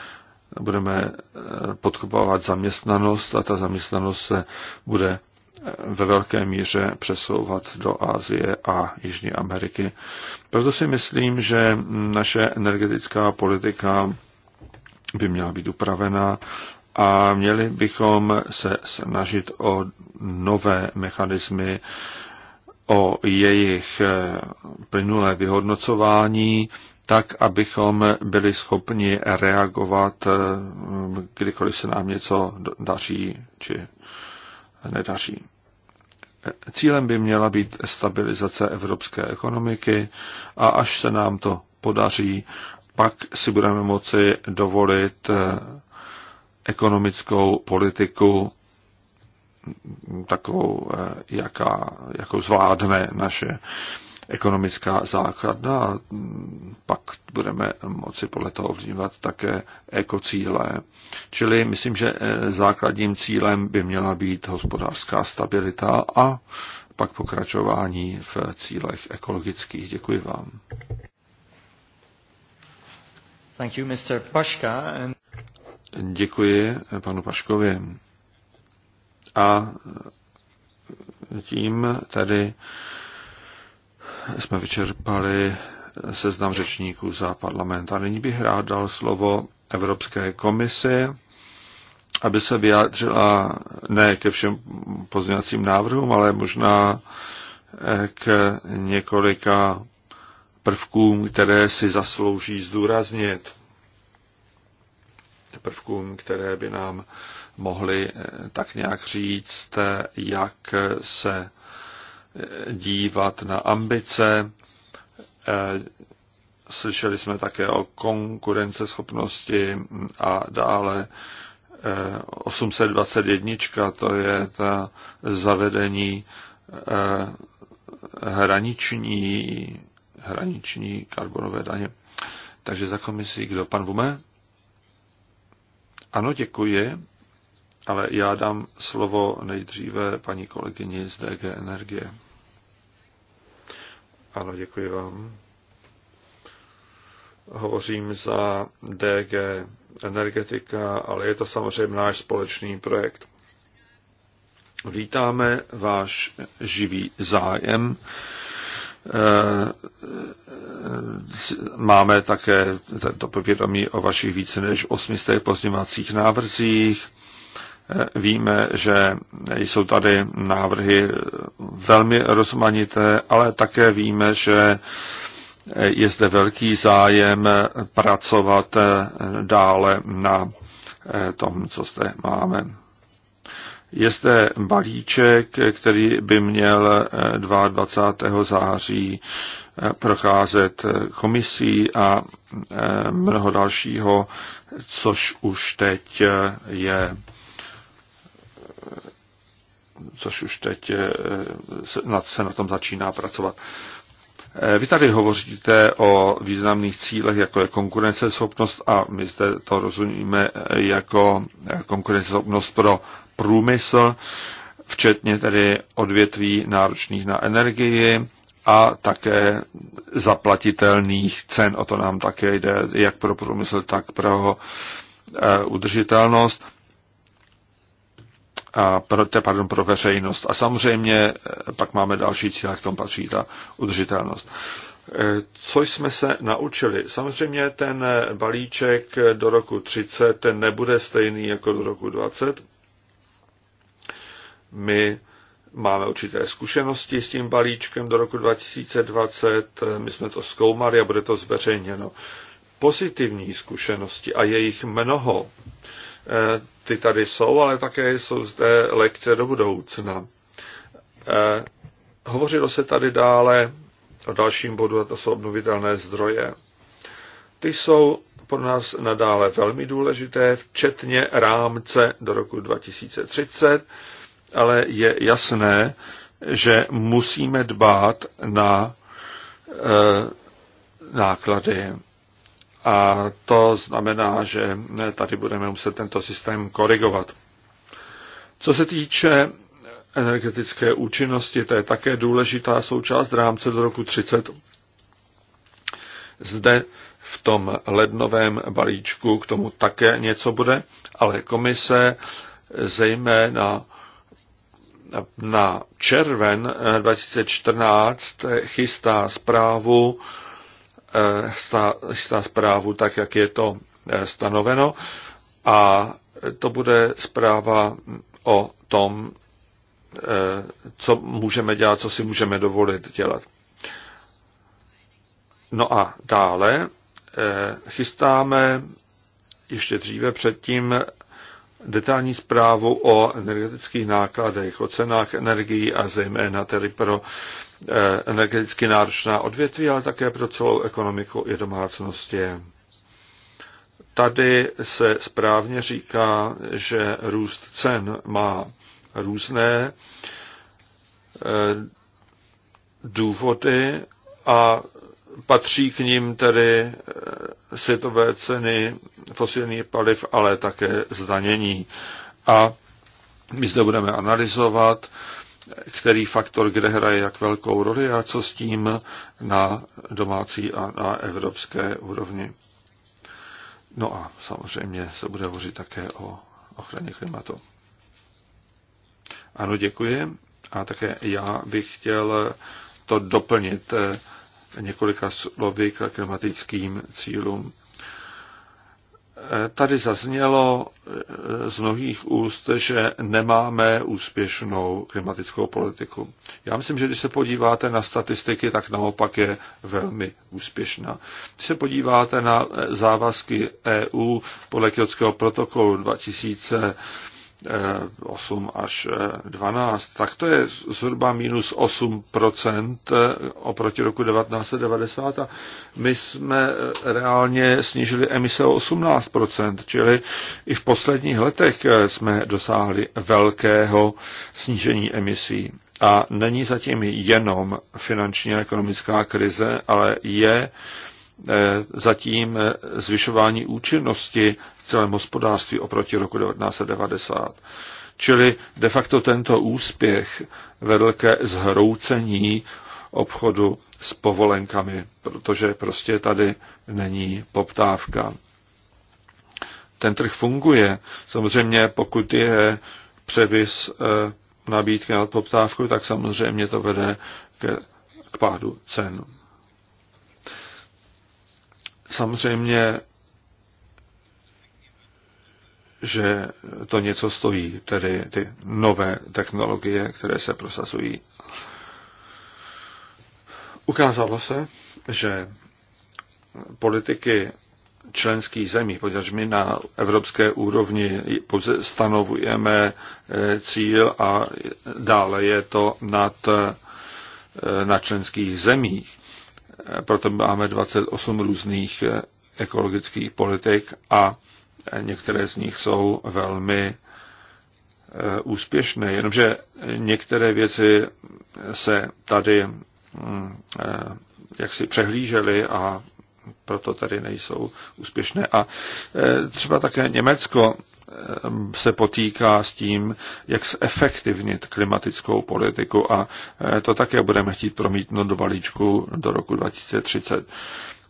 budeme eh, podkopávat zaměstnanost a ta zaměstnanost se bude eh, ve velké míře přesouvat do Asie a Jižní Ameriky. Proto si myslím, že naše energetická politika by měla být upravená a měli bychom se snažit o nové mechanismy, o jejich eh, plynulé vyhodnocování tak, abychom byli schopni reagovat, eh, kdykoliv se nám něco daří či nedaří. Cílem by měla být stabilizace evropské ekonomiky a až se nám to podaří, pak si budeme moci dovolit eh, ekonomickou politiku takovou, eh, jaká, jakou zvládne naše ekonomická základna a mm, pak budeme moci podle toho vnímat také ekocíle. Čili myslím, že eh, základním cílem by měla být hospodářská stabilita a pak pokračování v cílech ekologických. Děkuji vám. Thank you, Mr. Paška. And... Děkuji panu Paškovi. A eh, tím tady jsme vyčerpali seznam řečníků za parlament. A nyní bych rád dal slovo Evropské komisi, aby se vyjádřila ne ke všem pozměňovacím návrhům, ale možná eh, k několika prvkům, které si zaslouží zdůraznit. Prvkům, které by nám mohly eh, tak nějak říct, eh, jak se dívat na ambice. Eh, slyšeli jsme také o konkurenceschopnosti a dále 821, eh, to je ta zavedení eh, hraniční, hraniční karbonové daně. Takže za komisí kdo? Pan Vume? Ano, děkuji ale já dám slovo nejdříve paní kolegyni z DG Energie. Ano, děkuji vám. Hovořím za DG Energetika, ale je to samozřejmě náš společný projekt. Vítáme váš živý zájem. Máme také tento povědomí o vašich více než 800 pozměňovacích návrzích Víme, že jsou tady návrhy velmi rozmanité, ale také víme, že je zde velký zájem pracovat dále na tom, co zde máme. Je zde balíček, který by měl 22. září procházet komisí a mnoho dalšího, což už teď je což už teď eh, se na tom začíná pracovat. Eh, vy tady hovoříte o významných cílech, jako je konkurenceschopnost a my zde to rozumíme eh, jako konkurenceschopnost pro průmysl, včetně tedy odvětví náročných na energii a také zaplatitelných cen. O to nám také jde, jak pro průmysl, tak pro udržitelnost a pro, te, pardon, pro veřejnost. A samozřejmě eh, pak máme další cíl, jak tomu patří ta udržitelnost. Eh, co jsme se naučili? Samozřejmě ten eh, balíček do roku 30, ten nebude stejný jako do roku 20. My máme určité zkušenosti s tím balíčkem do roku 2020, my jsme to zkoumali a bude to zveřejněno. Pozitivní zkušenosti a jejich mnoho ty tady jsou, ale také jsou zde lekce do budoucna. Eh, hovořilo se tady dále o dalším bodu, a to jsou obnovitelné zdroje. Ty jsou pro nás nadále velmi důležité, včetně rámce do roku 2030, ale je jasné, že musíme dbát na e, náklady. A to znamená, že tady budeme muset tento systém korigovat. Co se týče energetické účinnosti, to je také důležitá součást rámce do roku 30. Zde v tom lednovém balíčku k tomu také něco bude, ale komise zejména na červen 2014 chystá zprávu chystá eh, zprávu tak, jak je to eh, stanoveno a to bude zpráva o tom, eh, co můžeme dělat, co si můžeme dovolit dělat. No a dále chystáme ještě dříve předtím detailní zprávu o energetických nákladech, o cenách energií a zejména tedy pro Eh, energeticky náročná odvětví, ale také pro celou ekonomiku i domácnosti. Tady se správně říká, že růst cen má různé eh, důvody a patří k ním tedy eh, světové ceny fosilních paliv, ale také zdanění. A my zde budeme analyzovat, který faktor kde hraje jak velkou roli a co s tím na domácí a na evropské úrovni. No a samozřejmě se bude hovořit také o ochraně klimatu. Ano, děkuji. A také já bych chtěl to doplnit několika slovy k klimatickým cílům tady zaznělo eh, z mnohých úst, že nemáme úspěšnou klimatickou politiku. Já myslím, že když se podíváte na statistiky, tak naopak je velmi úspěšná. Když se podíváte na eh, závazky EU podle Kyotského protokolu 2000, 8 až 12, eh, tak to je zhruba minus 8 eh, oproti roku 1990 a my jsme eh, reálně snížili emise o 18 čili i v posledních letech jsme dosáhli velkého snížení emisí. A není zatím jenom finanční a ekonomická krize, ale je zatím zvyšování účinnosti celém hospodářství oproti roku 1990. Čili de facto tento úspěch vedl ke zhroucení obchodu s povolenkami, protože prostě tady není poptávka. Ten trh funguje. Samozřejmě, pokud je převis eh, nabídky nad poptávku, tak samozřejmě to vede ke, k pádu cen. Samozřejmě že to něco stojí, tedy ty nové technologie, které se prosazují. Ukázalo se, že politiky členských zemí, poněvadž my na evropské úrovni pouze stanovujeme eh, cíl a dále je to nad, eh, na členských zemích. Proto máme 28 různých eh, ekologických politik a Některé z nich jsou velmi eh, úspěšné, jenomže některé věci se tady mm, eh, jaksi přehlížely a proto tady nejsou úspěšné. A eh, třeba také Německo se potýká s tím, jak zefektivnit klimatickou politiku a to také budeme chtít promítnout do balíčku do roku 2030.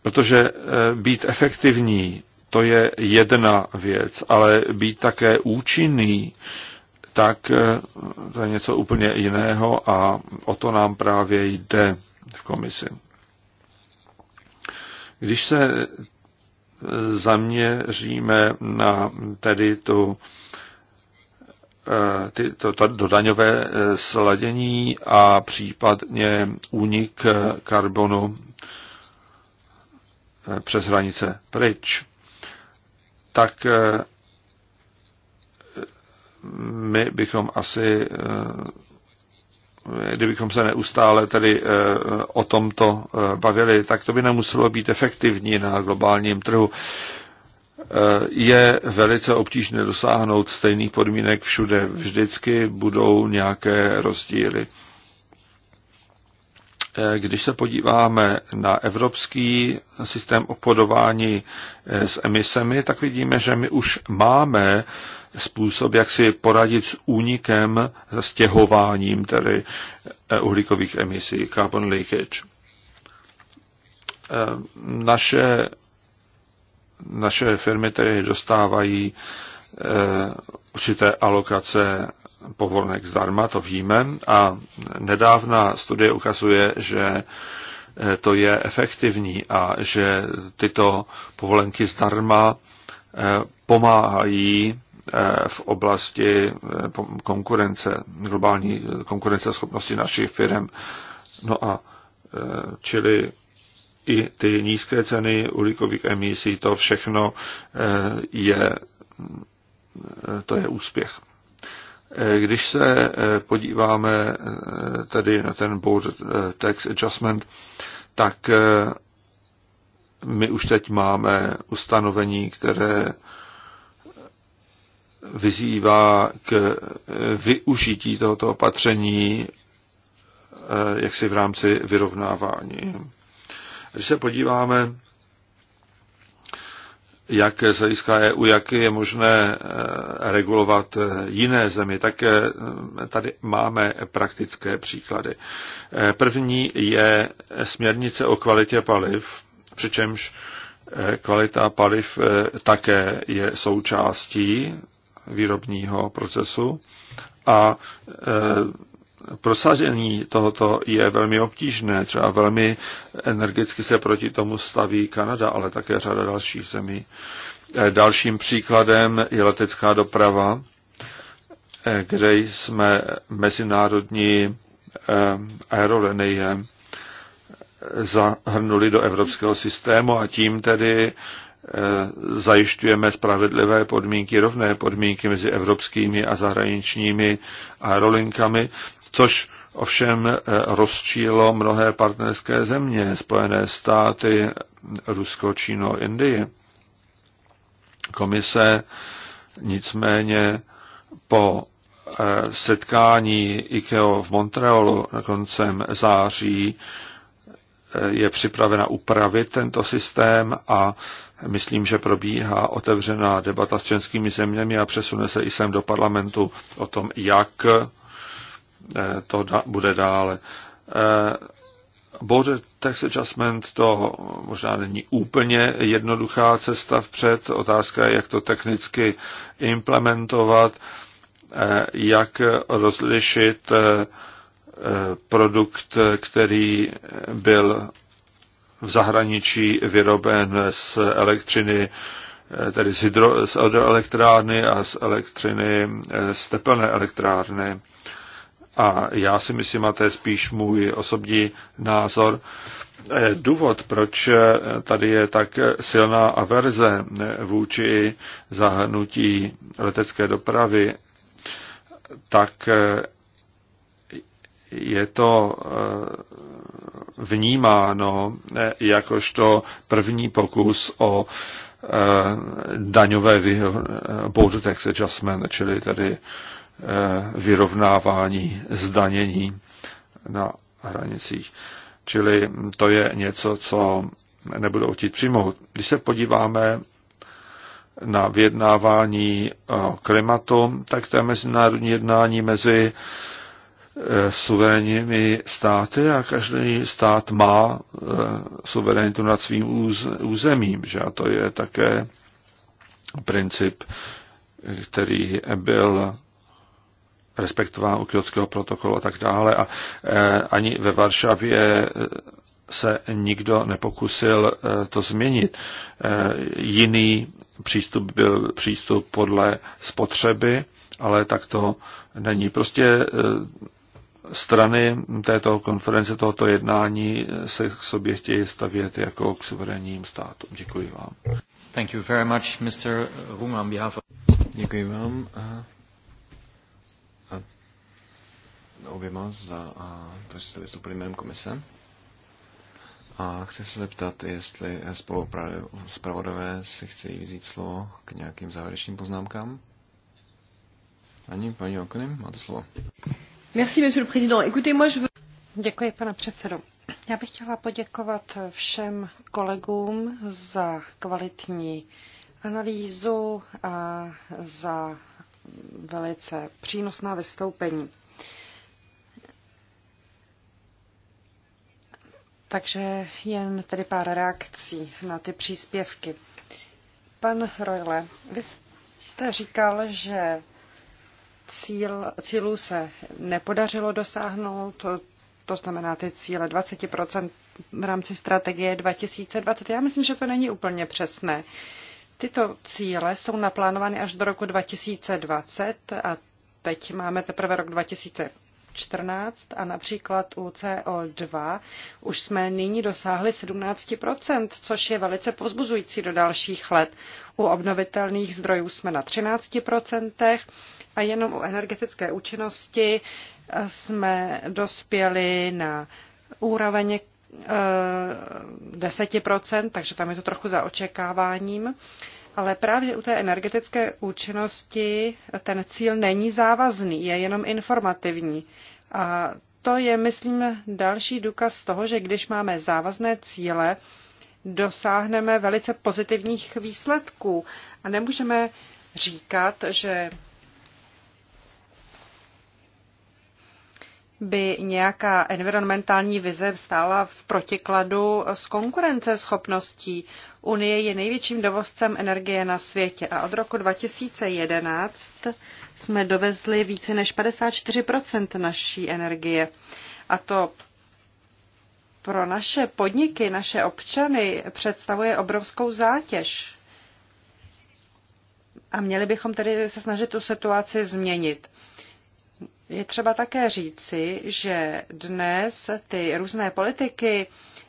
Protože být efektivní to je jedna věc, ale být také účinný, tak eh, to je něco úplně jiného a o to nám právě jde v komisi. Když se zaměříme na tedy tu, eh, ty, to, to daňové eh, sladění a případně únik karbonu přes hranice pryč, tak eh, my bychom asi, eh, kdybychom se neustále tedy eh, o tomto bavili, tak to by nemuselo být efektivní na globálním trhu. Je velice obtížné dosáhnout stejných podmínek všude. Vždycky budou nějaké rozdíly. Eh, když se podíváme na evropský systém obchodování eh, s emisemi, tak vidíme, že my už máme způsob, jak si poradit s únikem, stěhováním tedy eh, uhlíkových emisí, carbon leakage. Naše, naše firmy tedy dostávají určité alokace povolenek zdarma, to víme, a nedávná studie ukazuje, že eh, to je efektivní a že tyto povolenky zdarma eh, pomáhají eh, v oblasti konkurence, globální konkurenceschopnosti našich firm. No a čili i ty nízké ceny uhlíkových emisí, to všechno je, to je úspěch. Eh, když se eh, podíváme eh, tedy na ten board tax adjustment, tak my už teď máme ustanovení, které vyzývá k využití tohoto opatření jaksi v rámci vyrovnávání. Když se podíváme jak z hlediska EU, jak je možné eh, regulovat eh, jiné země, tak eh, tady máme praktické příklady. První je směrnice o kvalitě paliv, přičemž kvalita paliv také je součástí výrobního procesu a prosazení tohoto je velmi obtížné. Třeba velmi energicky se proti tomu staví Kanada, ale také řada dalších zemí. Eh, dalším příkladem je letecká doprava, eh, kde jsme mezinárodní eh, aerolinie zahrnuli do evropského systému a tím tedy Eh, zajišťujeme spravedlivé podmínky, rovné podmínky mezi evropskými a zahraničními aerolinkami, což ovšem eh, rozčílo mnohé partnerské země, Spojené státy, Rusko, Číno, Indie. Komise nicméně po eh, setkání IKEA v Montrealu na koncem září je připravena upravit tento systém a myslím, že probíhá otevřená debata s českými zeměmi a přesune se i sem do parlamentu o tom, jak eh, to bude dále. Eh, Border tax adjustment to možná není úplně jednoduchá cesta vpřed. Otázka je, jak to technicky implementovat, eh, jak rozlišit produkt, který byl v zahraničí vyroben z elektřiny, tedy z, hydro, z elektrárny a z elektřiny z tepelné elektrárny. A já si myslím, a to je spíš můj osobní názor, eh, důvod, proč eh, tady je tak silná averze eh, vůči zahrnutí letecké dopravy, tak je to eh, vnímáno eh, jakožto první pokus o eh, daňové border tax adjustment, čili tedy vyrovnávání zdanění na hranicích. Čili to je něco, co nebudou chtít přijmout. Když se podíváme na vyjednávání klimatu, tak to je mezinárodní jednání mezi Eh, suverénními státy a každý stát má eh, suverenitu nad svým územím, že a to je také princip, který byl respektován u Kyotského protokolu a tak dále. A eh, ani ve Varšavě se nikdo nepokusil to změnit. Jiný přístup byl přístup podle spotřeby, ale tak to není. Prostě strany této konference, tohoto jednání se k sobě chtějí stavět jako k suverénním státům. Děkuji vám. Thank you very much, Mr. Rung, on behalf of... Děkuji vám a, a oběma za a, to, že jste vystoupili jménem komise. A chci se zeptat, jestli spolupravodové si chcejí vzít slovo k nějakým závěrečným poznámkám. Ani paní Okny, máte slovo. Děkuji, pane předsedající Já bych chtěla poděkovat všem kolegům za kvalitní analýzu a za velice přínosná vystoupení. Takže jen tedy pár reakcí na ty příspěvky. Pan Royle, vy jste říkal, že cíl, cílů se nepodařilo dosáhnout, to znamená ty cíle 20% v rámci strategie 2020. Já myslím, že to není úplně přesné. Tyto cíle jsou naplánovány až do roku 2020 a teď máme teprve rok 2014 a například u CO2 už jsme nyní dosáhli 17%, což je velice pozbuzující do dalších let. U obnovitelných zdrojů jsme na 13%, a jenom u energetické účinnosti eh, jsme dospěli na úroveň 10%, eh, takže tam je to trochu za očekáváním. Ale právě u té energetické účinnosti ten cíl není závazný, je jenom informativní. A to je, myslím, další důkaz toho, že když máme závazné cíle, dosáhneme velice pozitivních výsledků. A nemůžeme říkat, že by nějaká environmentální vize stála v protikladu s konkurenceschopností. Unie je největším dovozcem energie na světě a od roku 2011 jsme dovezli více než 54 naší energie. A to pro naše podniky, naše občany představuje obrovskou zátěž. A měli bychom tedy se snažit tu situaci změnit je třeba také říci, že dnes ty různé politiky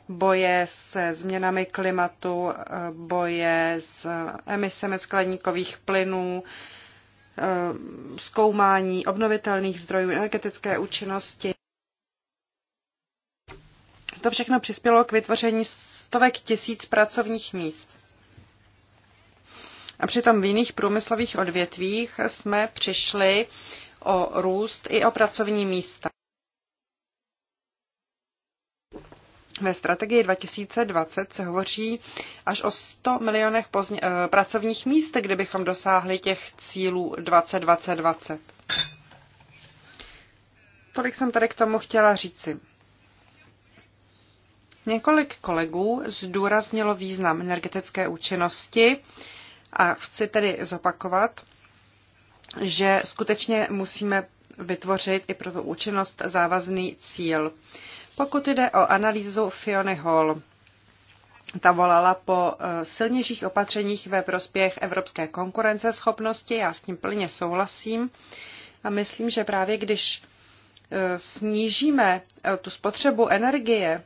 boje se změnami klimatu, boje s emisemi skleníkových plynů, zkoumání obnovitelných zdrojů energetické účinnosti. To všechno přispělo k vytvoření stovek tisíc pracovních míst. A přitom v jiných průmyslových odvětvích jsme přišli o růst i o pracovní místa. Ve strategii 2020 se hovoří až o 100 milionech eh, pracovních míst, kdybychom dosáhli těch cílů 2020-2020. Tolik jsem tady k tomu chtěla říci. Několik kolegů zdůraznilo význam energetické účinnosti a chci tedy zopakovat, že skutečně musíme vytvořit i pro tu účinnost závazný cíl. Pokud jde o analýzu Fiony Hall, ta volala po eh, silnějších opatřeních ve prospěch evropské konkurenceschopnosti. Já s tím plně souhlasím a myslím, že právě když eh, snížíme eh, tu spotřebu energie,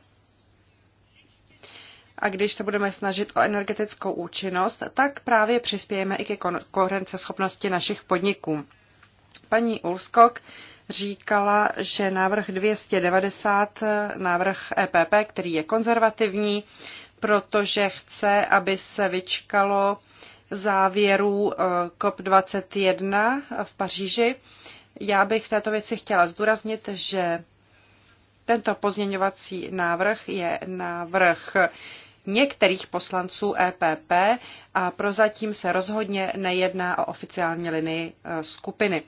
a když se budeme snažit o energetickou účinnost, tak právě přispějeme i ke konkurenceschopnosti našich podniků. Paní Ulskok říkala, že návrh 290, návrh EPP, který je konzervativní, protože chce, aby se vyčkalo závěrů eh, COP21 v Paříži. Já bych v této věci chtěla zdůraznit, že tento pozměňovací návrh je návrh některých poslanců EPP a prozatím se rozhodně nejedná o oficiální linii eh, skupiny.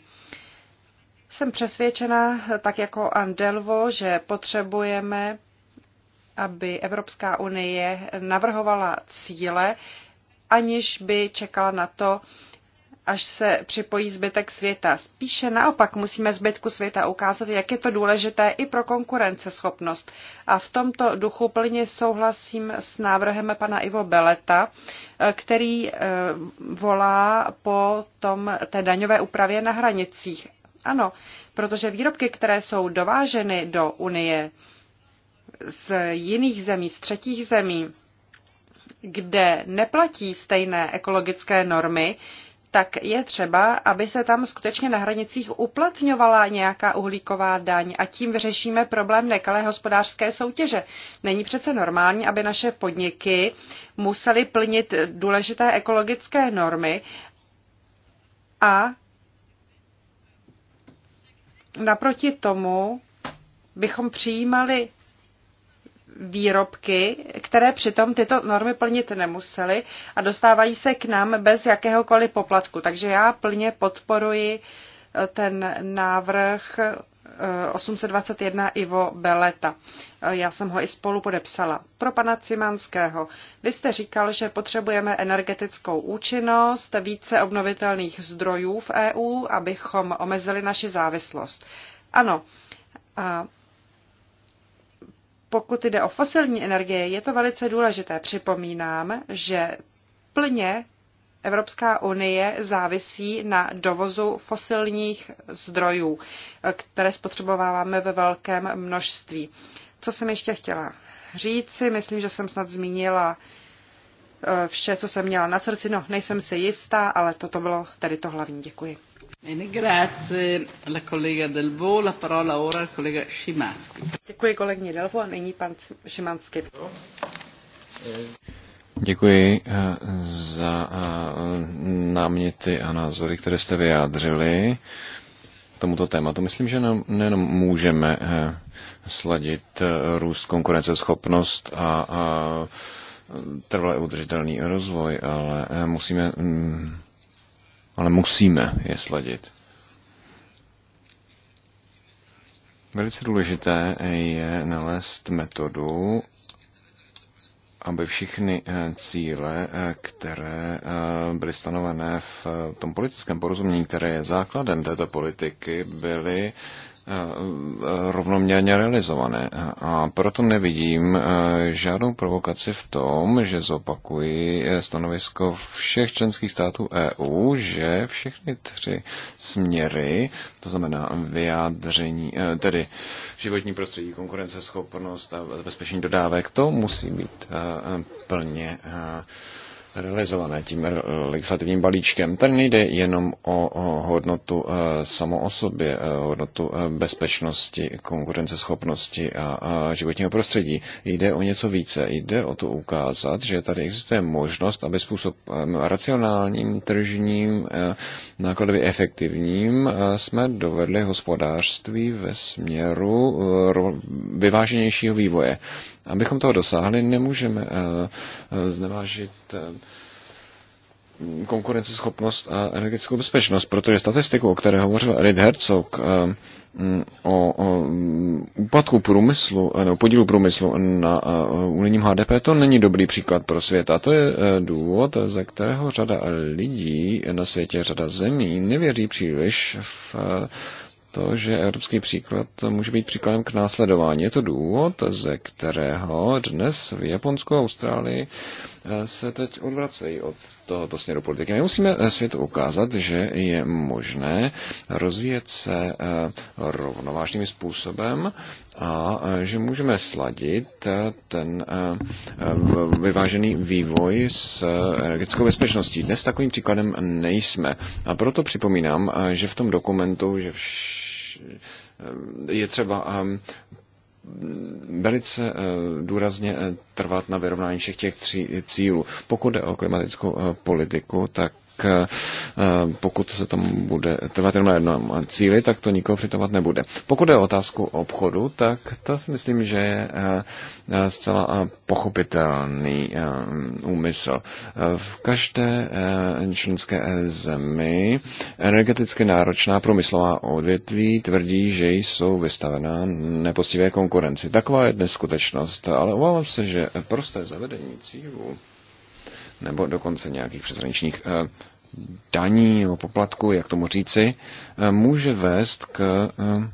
Jsem přesvědčena, tak jako Andelvo, že potřebujeme, aby Evropská unie navrhovala cíle, aniž by čekala na to, až se připojí zbytek světa. Spíše naopak musíme zbytku světa ukázat, jak je to důležité i pro konkurenceschopnost. A v tomto duchu plně souhlasím s návrhem pana Ivo Beleta, který eh, volá po tom té daňové úpravě na hranicích. Ano, protože výrobky, které jsou dováženy do Unie z jiných zemí, z třetích zemí, kde neplatí stejné ekologické normy, tak je třeba, aby se tam skutečně na hranicích uplatňovala nějaká uhlíková daň a tím vyřešíme problém nekalé hospodářské soutěže. Není přece normální, aby naše podniky musely plnit důležité ekologické normy a naproti tomu bychom přijímali výrobky, které přitom tyto normy plnit nemusely a dostávají se k nám bez jakéhokoliv poplatku. Takže já plně podporuji eh, ten návrh 821 eh, Ivo Beleta. Eh, já jsem ho i spolu podepsala. Pro pana Cimanského. Vy jste říkal, že potřebujeme energetickou účinnost, více obnovitelných zdrojů v EU, abychom omezili naši závislost. Ano. A pokud jde o fosilní energie, je to velice důležité. Připomínám, že plně Evropská unie závisí na dovozu fosilních zdrojů, které spotřebováváme ve velkém množství. Co jsem ještě chtěla říci, myslím, že jsem snad zmínila eh, vše, co jsem měla na srdci. No, nejsem si jistá, ale toto bylo tady to hlavní. Děkuji. Děkuji Delvo a nyní pan Děkuji eh, za eh, náměty a názory, které jste vyjádřili tomuto tématu. Myslím, že nejenom můžeme eh, sladit růst konkurenceschopnost a, a trvalé udržitelný rozvoj, ale musíme mm, ale musíme je sladit. Velice důležité je nalézt metodu, aby všechny eh, cíle, eh, které eh, byly stanovené v tom politickém porozumění, které je základem této politiky, byly Eh, rovnoměrně realizované. A proto nevidím eh, žádnou provokaci v tom, že zopakuji eh, stanovisko všech členských států EU, že všechny tři směry, to znamená vyjádření, tedy životní prostředí, konkurenceschopnost a bezpečení dodávek, to musí být plně realizované tím legislativním balíčkem. Tady nejde jenom o hodnotu eh, samo o sobě, eh, hodnotu eh, bezpečnosti, konkurenceschopnosti a životního prostředí. Jde o něco více. Jde o to ukázat, že tady existuje možnost, aby způsob racionálním, tržním, nákladově efektivním jsme dovedli hospodářství ve směru vyváženějšího vývoje. Abychom toho dosáhli, nemůžeme eh, eh, znevážit eh, konkurenceschopnost a energetickou bezpečnost, protože statistiku, o které hovořil Erit Herzog, mm, o mm, úpadku průmyslu, nebo podílu průmyslu na unijním HDP, to není dobrý příklad pro svět. A to je důvod, ze kterého řada lidí na světě, řada zemí nevěří příliš v to, že evropský příklad může být příkladem k následování. Je to důvod, ze kterého dnes v Japonsku a Austrálii eh, se teď odvracejí od tohoto směru politiky. My musíme eh, světu ukázat, že je možné rozvíjet se eh, rovnovážným způsobem a že můžeme sladit ten vyvážený vývoj s energetickou bezpečností. Dnes takovým příkladem nejsme. A proto připomínám, že v tom dokumentu, že vš- Eh, je třeba ehm, velice eh, důrazně eh, trvat na vyrovnání všech těch tří cílů. Pokud jde o klimatickou politiku, tak Eh, pokud se tam bude trvat jenom na jednom cíli, tak to nikoho přitovat nebude. Pokud je o otázku obchodu, tak to si myslím, že je eh, zcela eh, pochopitelný úmysl. V každé členské zemi energeticky náročná průmyslová odvětví tvrdí, že jsou vystavená nepostivé konkurenci. Taková je dnes skutečnost, ale obávám se, že prosté zavedení cílů nebo dokonce nějakých přeshraničních eh, daní nebo poplatků, jak tomu říci, eh, může vést k eh,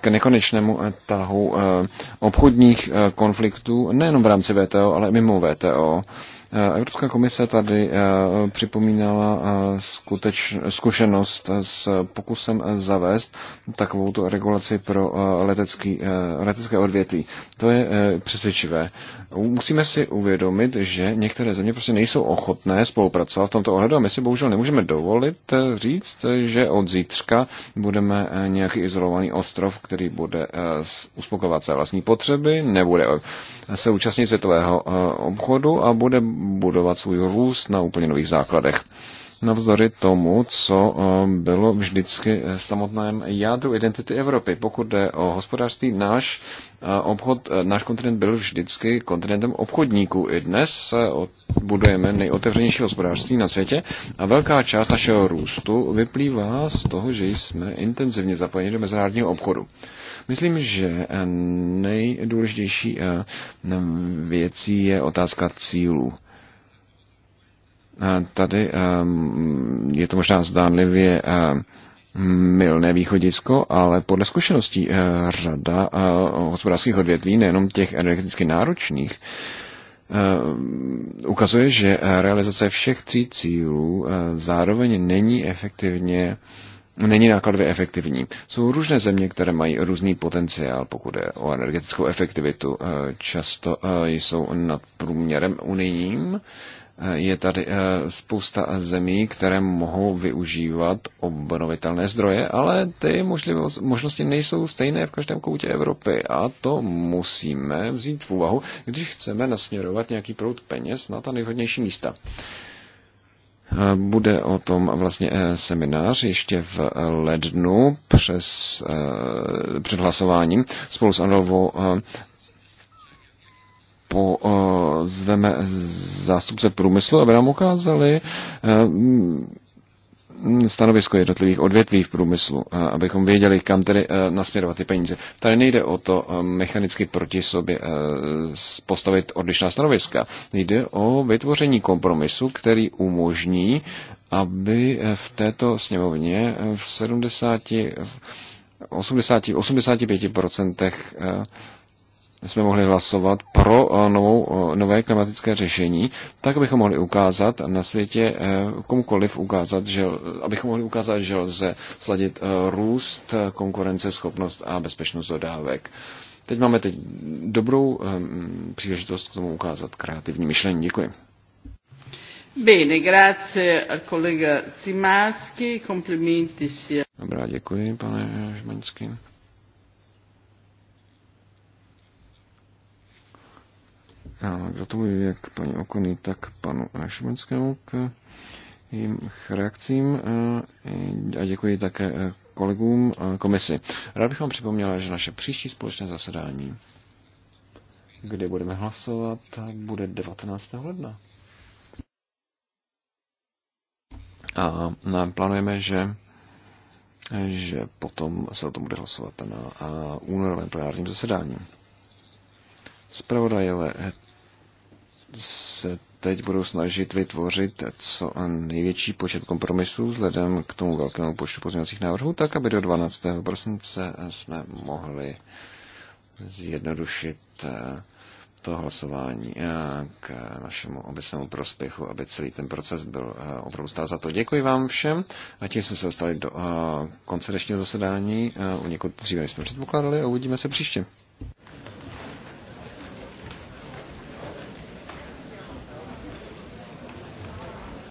k nekonečnému tahu obchodních konfliktů nejenom v rámci VTO, ale i mimo VTO Eh, Evropská komise tady eh, připomínala eh, skuteč, zkušenost s pokusem zavést takovou tu regulaci pro letecký, letecké odvětví. To je přesvědčivé. Musíme si uvědomit, že některé země prostě nejsou ochotné spolupracovat v tomto ohledu a my si bohužel nemůžeme dovolit říct, že od zítřka budeme nějaký izolovaný ostrov, který bude uspokovat své vlastní potřeby, nebude se účastnit světového obchodu a bude budovat svůj růst na úplně nových základech. Navzdory tomu, co eh, bylo vždycky v samotném jádru identity Evropy. Pokud jde o hospodářství, náš eh, obchod, eh, náš kontinent byl vždycky kontinentem obchodníků. I dnes budujeme nejotevřenější hospodářství na světě a velká část našeho růstu vyplývá z toho, že jsme intenzivně zapojeni do mezinárodního obchodu. Myslím, že nejdůležitější věcí je otázka cílů. Eh, tady ehm, je to možná zdánlivě milné ehm, východisko, ale podle zkušeností eh, řada eh, hospodářských odvětví, nejenom těch energeticky náročných, ehm, ukazuje, že realizace všech tří cílů zároveň není efektivně není nákladově efektivní. Jsou různé země, které mají různý potenciál, pokud je o energetickou efektivitu. Často jsou nad průměrem unijním je tady eh, spousta zemí, které mohou využívat obnovitelné zdroje, ale ty možnosti nejsou stejné v každém koutě Evropy a to musíme vzít v úvahu, když chceme nasměrovat nějaký proud peněz na ta nejvhodnější místa. Eh, bude o tom vlastně eh, seminář ještě v lednu přes, před hlasováním spolu s Andolovou pozveme eh, zástupce průmyslu, aby nám ukázali eh, mm, stanovisko jednotlivých odvětví v průmyslu, eh, abychom věděli, kam tedy nasměrovat ty peníze. Tady nejde o to mechanicky proti sobě postavit odlišná stanoviska. Jde o vytvoření kompromisu, který umožní, aby v této sněmovně v 70 80, 85% jsme mohli hlasovat pro eh, novou, eh, nové klimatické řešení, tak abychom mohli ukázat na světě, eh, komukoliv ukázat, že, abychom mohli ukázat, že lze sladit růst, konkurenceschopnost a bezpečnost dodávek. Teď máme teď dobrou ehm, příležitost k tomu ukázat kreativní myšlení. Děkuji. Bene, grazie al collega Zimaschi, complimenti sia. Dobrá, děkuji, pane Žmanský. A gratuluji jak paní Okony, tak panu Šumenskému k jejím reakcím eh, a děkuji také eh, kolegům eh, komisi. Rád bych vám připomněla, že naše příští společné zasedání, kde budeme hlasovat, bude 19. ledna. A no, plánujeme, že že potom se o tom bude hlasovat na únorovém plenárním zasedání. Zpravodajové se teď budou snažit vytvořit co největší počet kompromisů vzhledem k tomu velkému počtu pozměňovacích návrhů, tak aby do 12. prosince jsme mohli zjednodušit eh, to hlasování eh, k našemu obecnému prospěchu, aby celý ten proces byl eh, opravdu stál za to. Děkuji vám všem a tím jsme se dostali do konce dnešního zasedání, u někud dříve, jsme předpokládali a uvidíme se příště.